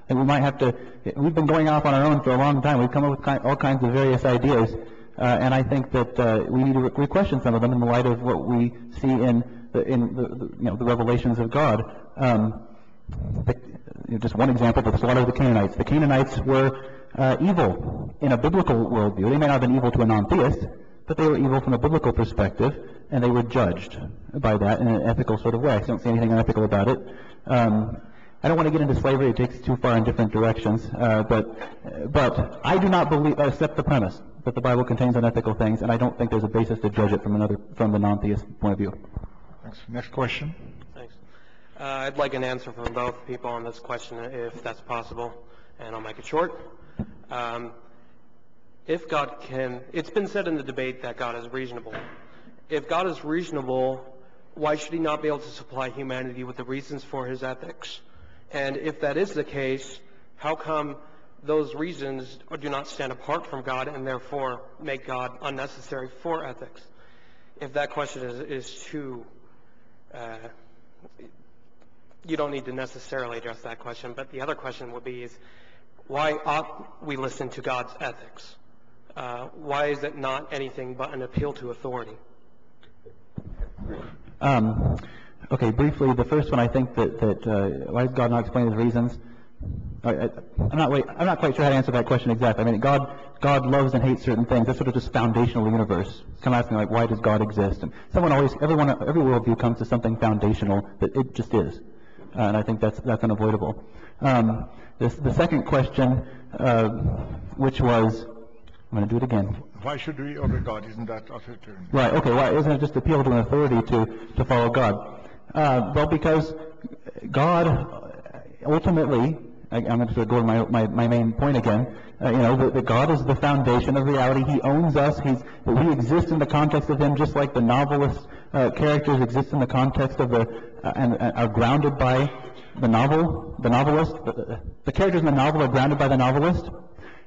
And we might have to, we've been going off on our own for a long time. We've come up with ki all kinds of various ideas, uh, and I think that uh, we need to re question some of them in the light of what we see in the, in the, the, you know, the revelations of God. Um, the, you know, just one example, the slaughter of the Canaanites. The Canaanites were uh, evil in a biblical worldview. They may not have been evil to a non-theist, but they were evil from a biblical perspective, and they were judged by that in an ethical sort of way. I don't see anything unethical about it. Um, I don't want to get into slavery; it takes too far in different directions. Uh, but, but I do not believe accept the premise that the Bible contains unethical things, and I don't think there's a basis to judge it from another from the non-theist point of view. Thanks. Next question. Thanks. Uh, I'd like an answer from both people on this question, if that's possible, and I'll make it short. Um, if God can, it's been said in the debate that God is reasonable. If God is reasonable, why should he not be able to supply humanity with the reasons for his ethics? And if that is the case, how come those reasons do not stand apart from God and therefore make God unnecessary for ethics? If that question is, is too uh, you don't need to necessarily address that question, but the other question would be is why ought we listen to God's ethics? Uh, why is it not anything but an appeal to authority? Um, okay, briefly, the first one I think that, that uh, why does God not explain his reasons? I, am not wait, I'm not quite sure how to answer that question exactly. I mean, God God loves and hates certain things. That's sort of just foundational The universe. Come ask me, like, why does God exist? And someone always, everyone, every worldview comes to something foundational that it just is. Uh, and I think that's, that's unavoidable. Um, this, the second question, uh, which was, I'm going to do it again. Why should we obey God? Isn't that authoritarian? Right, okay. Why well, isn't it just appeal to an authority to, to follow God? Uh, well, because God ultimately I, am going to go to my, my, my main point again. Uh, you know, that, God is the foundation of reality. He owns us. He's, that we exist in the context of Him, just like the novelist uh, characters exist in the context of the uh, and, and, are grounded by the novel, the novelist. The, the characters in the novel are grounded by the novelist,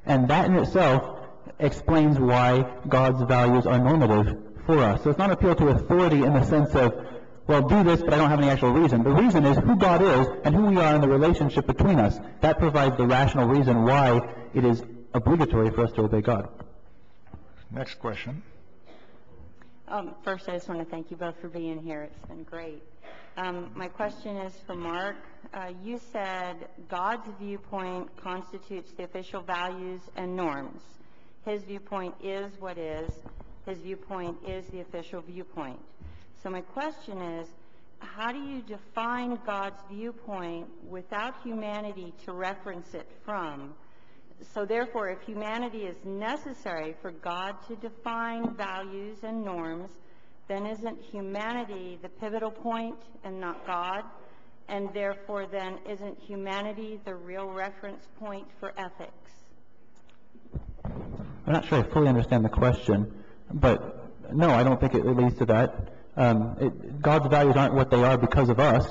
and that in itself explains why God's values are normative for us. So it's not appeal to authority in the sense of well, do this, but I don't have any actual reason. The reason is who God is and who we are in the relationship between us. That provides the rational reason why it is obligatory for us to obey God. Next question. Um, first, I just want to thank you both for being here. It's been great. Um, my question is for Mark. Uh, you said God's viewpoint constitutes the official values and norms. His viewpoint is what is. His viewpoint is the official viewpoint. So my question is, how do you define God's viewpoint without humanity to reference it from? So therefore, if humanity is necessary for God to define values and norms, then isn't humanity the pivotal point and not God? And therefore, then, isn't humanity the real reference point for ethics? I'm not sure I fully understand the question, but no, I don't think it leads to that. Um, it, God's values aren't what they are because of us.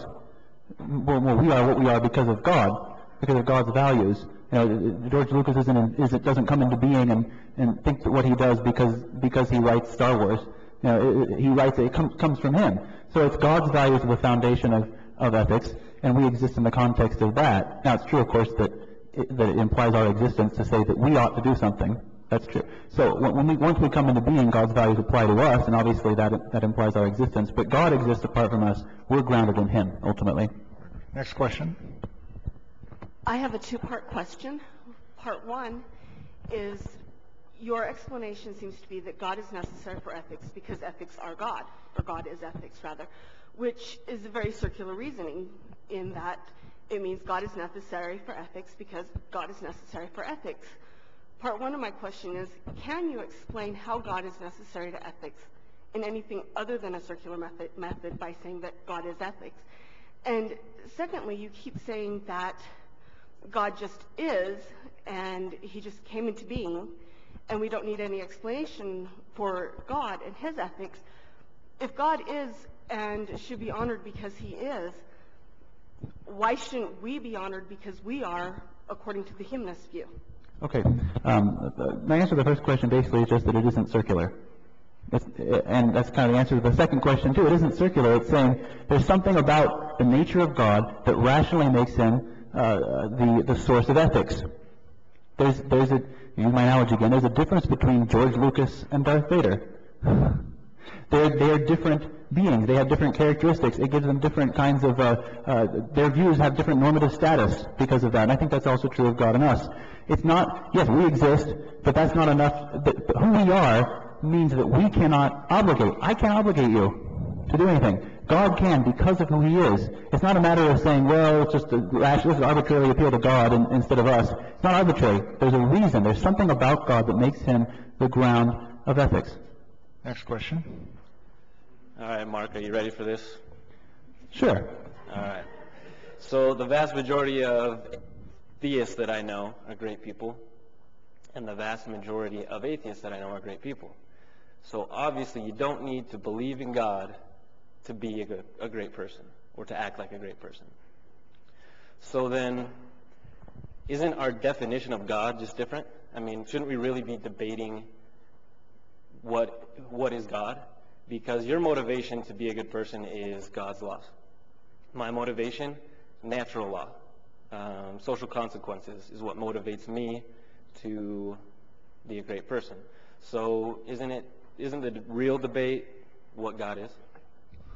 Well, well, we are what we are because of God, because of God's values. You know, George Lucas isn't, is, doesn't come into being and, and think that what he does because, because he writes Star Wars. You know, it, it, he writes it, com- comes from him. So it's God's values are the foundation of, of ethics, and we exist in the context of that. Now, it's true, of course, that it, that it implies our existence to say that we ought to do something. That's true. So when we, once we come into being, God's values apply to us, and obviously that, that implies our existence. But God exists apart from us. We're grounded in Him, ultimately. Next question. I have a two-part question. Part one is your explanation seems to be that God is necessary for ethics because ethics are God, or God is ethics, rather, which is a very circular reasoning in that it means God is necessary for ethics because God is necessary for ethics. Part one of my question is, can you explain how God is necessary to ethics in anything other than a circular method, method by saying that God is ethics? And secondly, you keep saying that God just is, and he just came into being, and we don't need any explanation for God and his ethics. If God is and should be honored because he is, why shouldn't we be honored because we are, according to the humanist view? Okay. Um, my answer to the first question basically is just that it isn't circular. It's, and that's kind of the answer to the second question, too. It isn't circular. It's saying there's something about the nature of God that rationally makes him uh, the, the source of ethics. There's, there's a, use my analogy again, there's a difference between George Lucas and Darth Vader. They're, they're different beings. They have different characteristics. It gives them different kinds of, uh, uh, their views have different normative status because of that. And I think that's also true of God and us. It's not, yes, we exist, but that's not enough. That, who we are means that we cannot obligate. I can't obligate you to do anything. God can because of who he is. It's not a matter of saying, well, it's just arbitrarily appeal to God in, instead of us. It's not arbitrary. There's a reason. There's something about God that makes him the ground of ethics. Next question. All right, Mark, are you ready for this? Sure. All right. So the vast majority of theists that I know are great people, and the vast majority of atheists that I know are great people. So obviously, you don't need to believe in God to be a, good, a great person or to act like a great person. So then, isn't our definition of God just different? I mean, shouldn't we really be debating what what is God? Because your motivation to be a good person is God's law. My motivation, natural law um, social consequences is what motivates me to be a great person. So isn't it isn't the real debate what God is?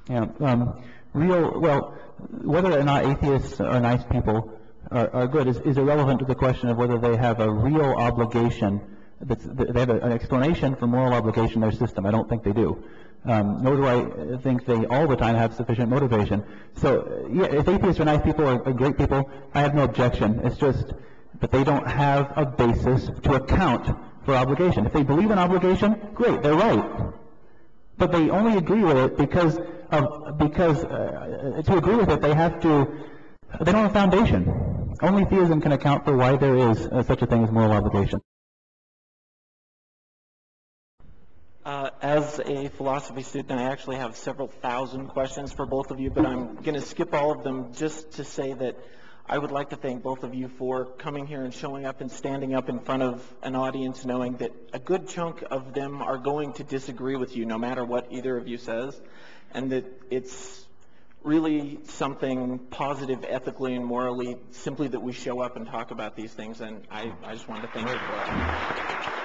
Yeah, um, real. Well, whether or not atheists are nice people are, are good is, is, irrelevant to the question of whether they have a real obligation. they have a, an explanation for moral obligation in their system. I don't think they do. Um, nor do I think they all the time have sufficient motivation. So, yeah, if atheists are nice people or, great people, I have no objection. It's just that they don't have a basis to account for obligation. If they believe in obligation, great, they're right. But they only agree with it because of because uh, to agree with it, they have to they don't have a foundation. Only theism can account for why there is uh, such a thing as moral obligation. Uh, as a philosophy student, I actually have several thousand questions for both of you, but I'm going to skip all of them just to say that I would like to thank both of you for coming here and showing up and standing up in front of an audience knowing that a good chunk of them are going to disagree with you no matter what either of you says, and that it's really something positive ethically and morally simply that we show up and talk about these things, and I, I just wanted to thank you for that.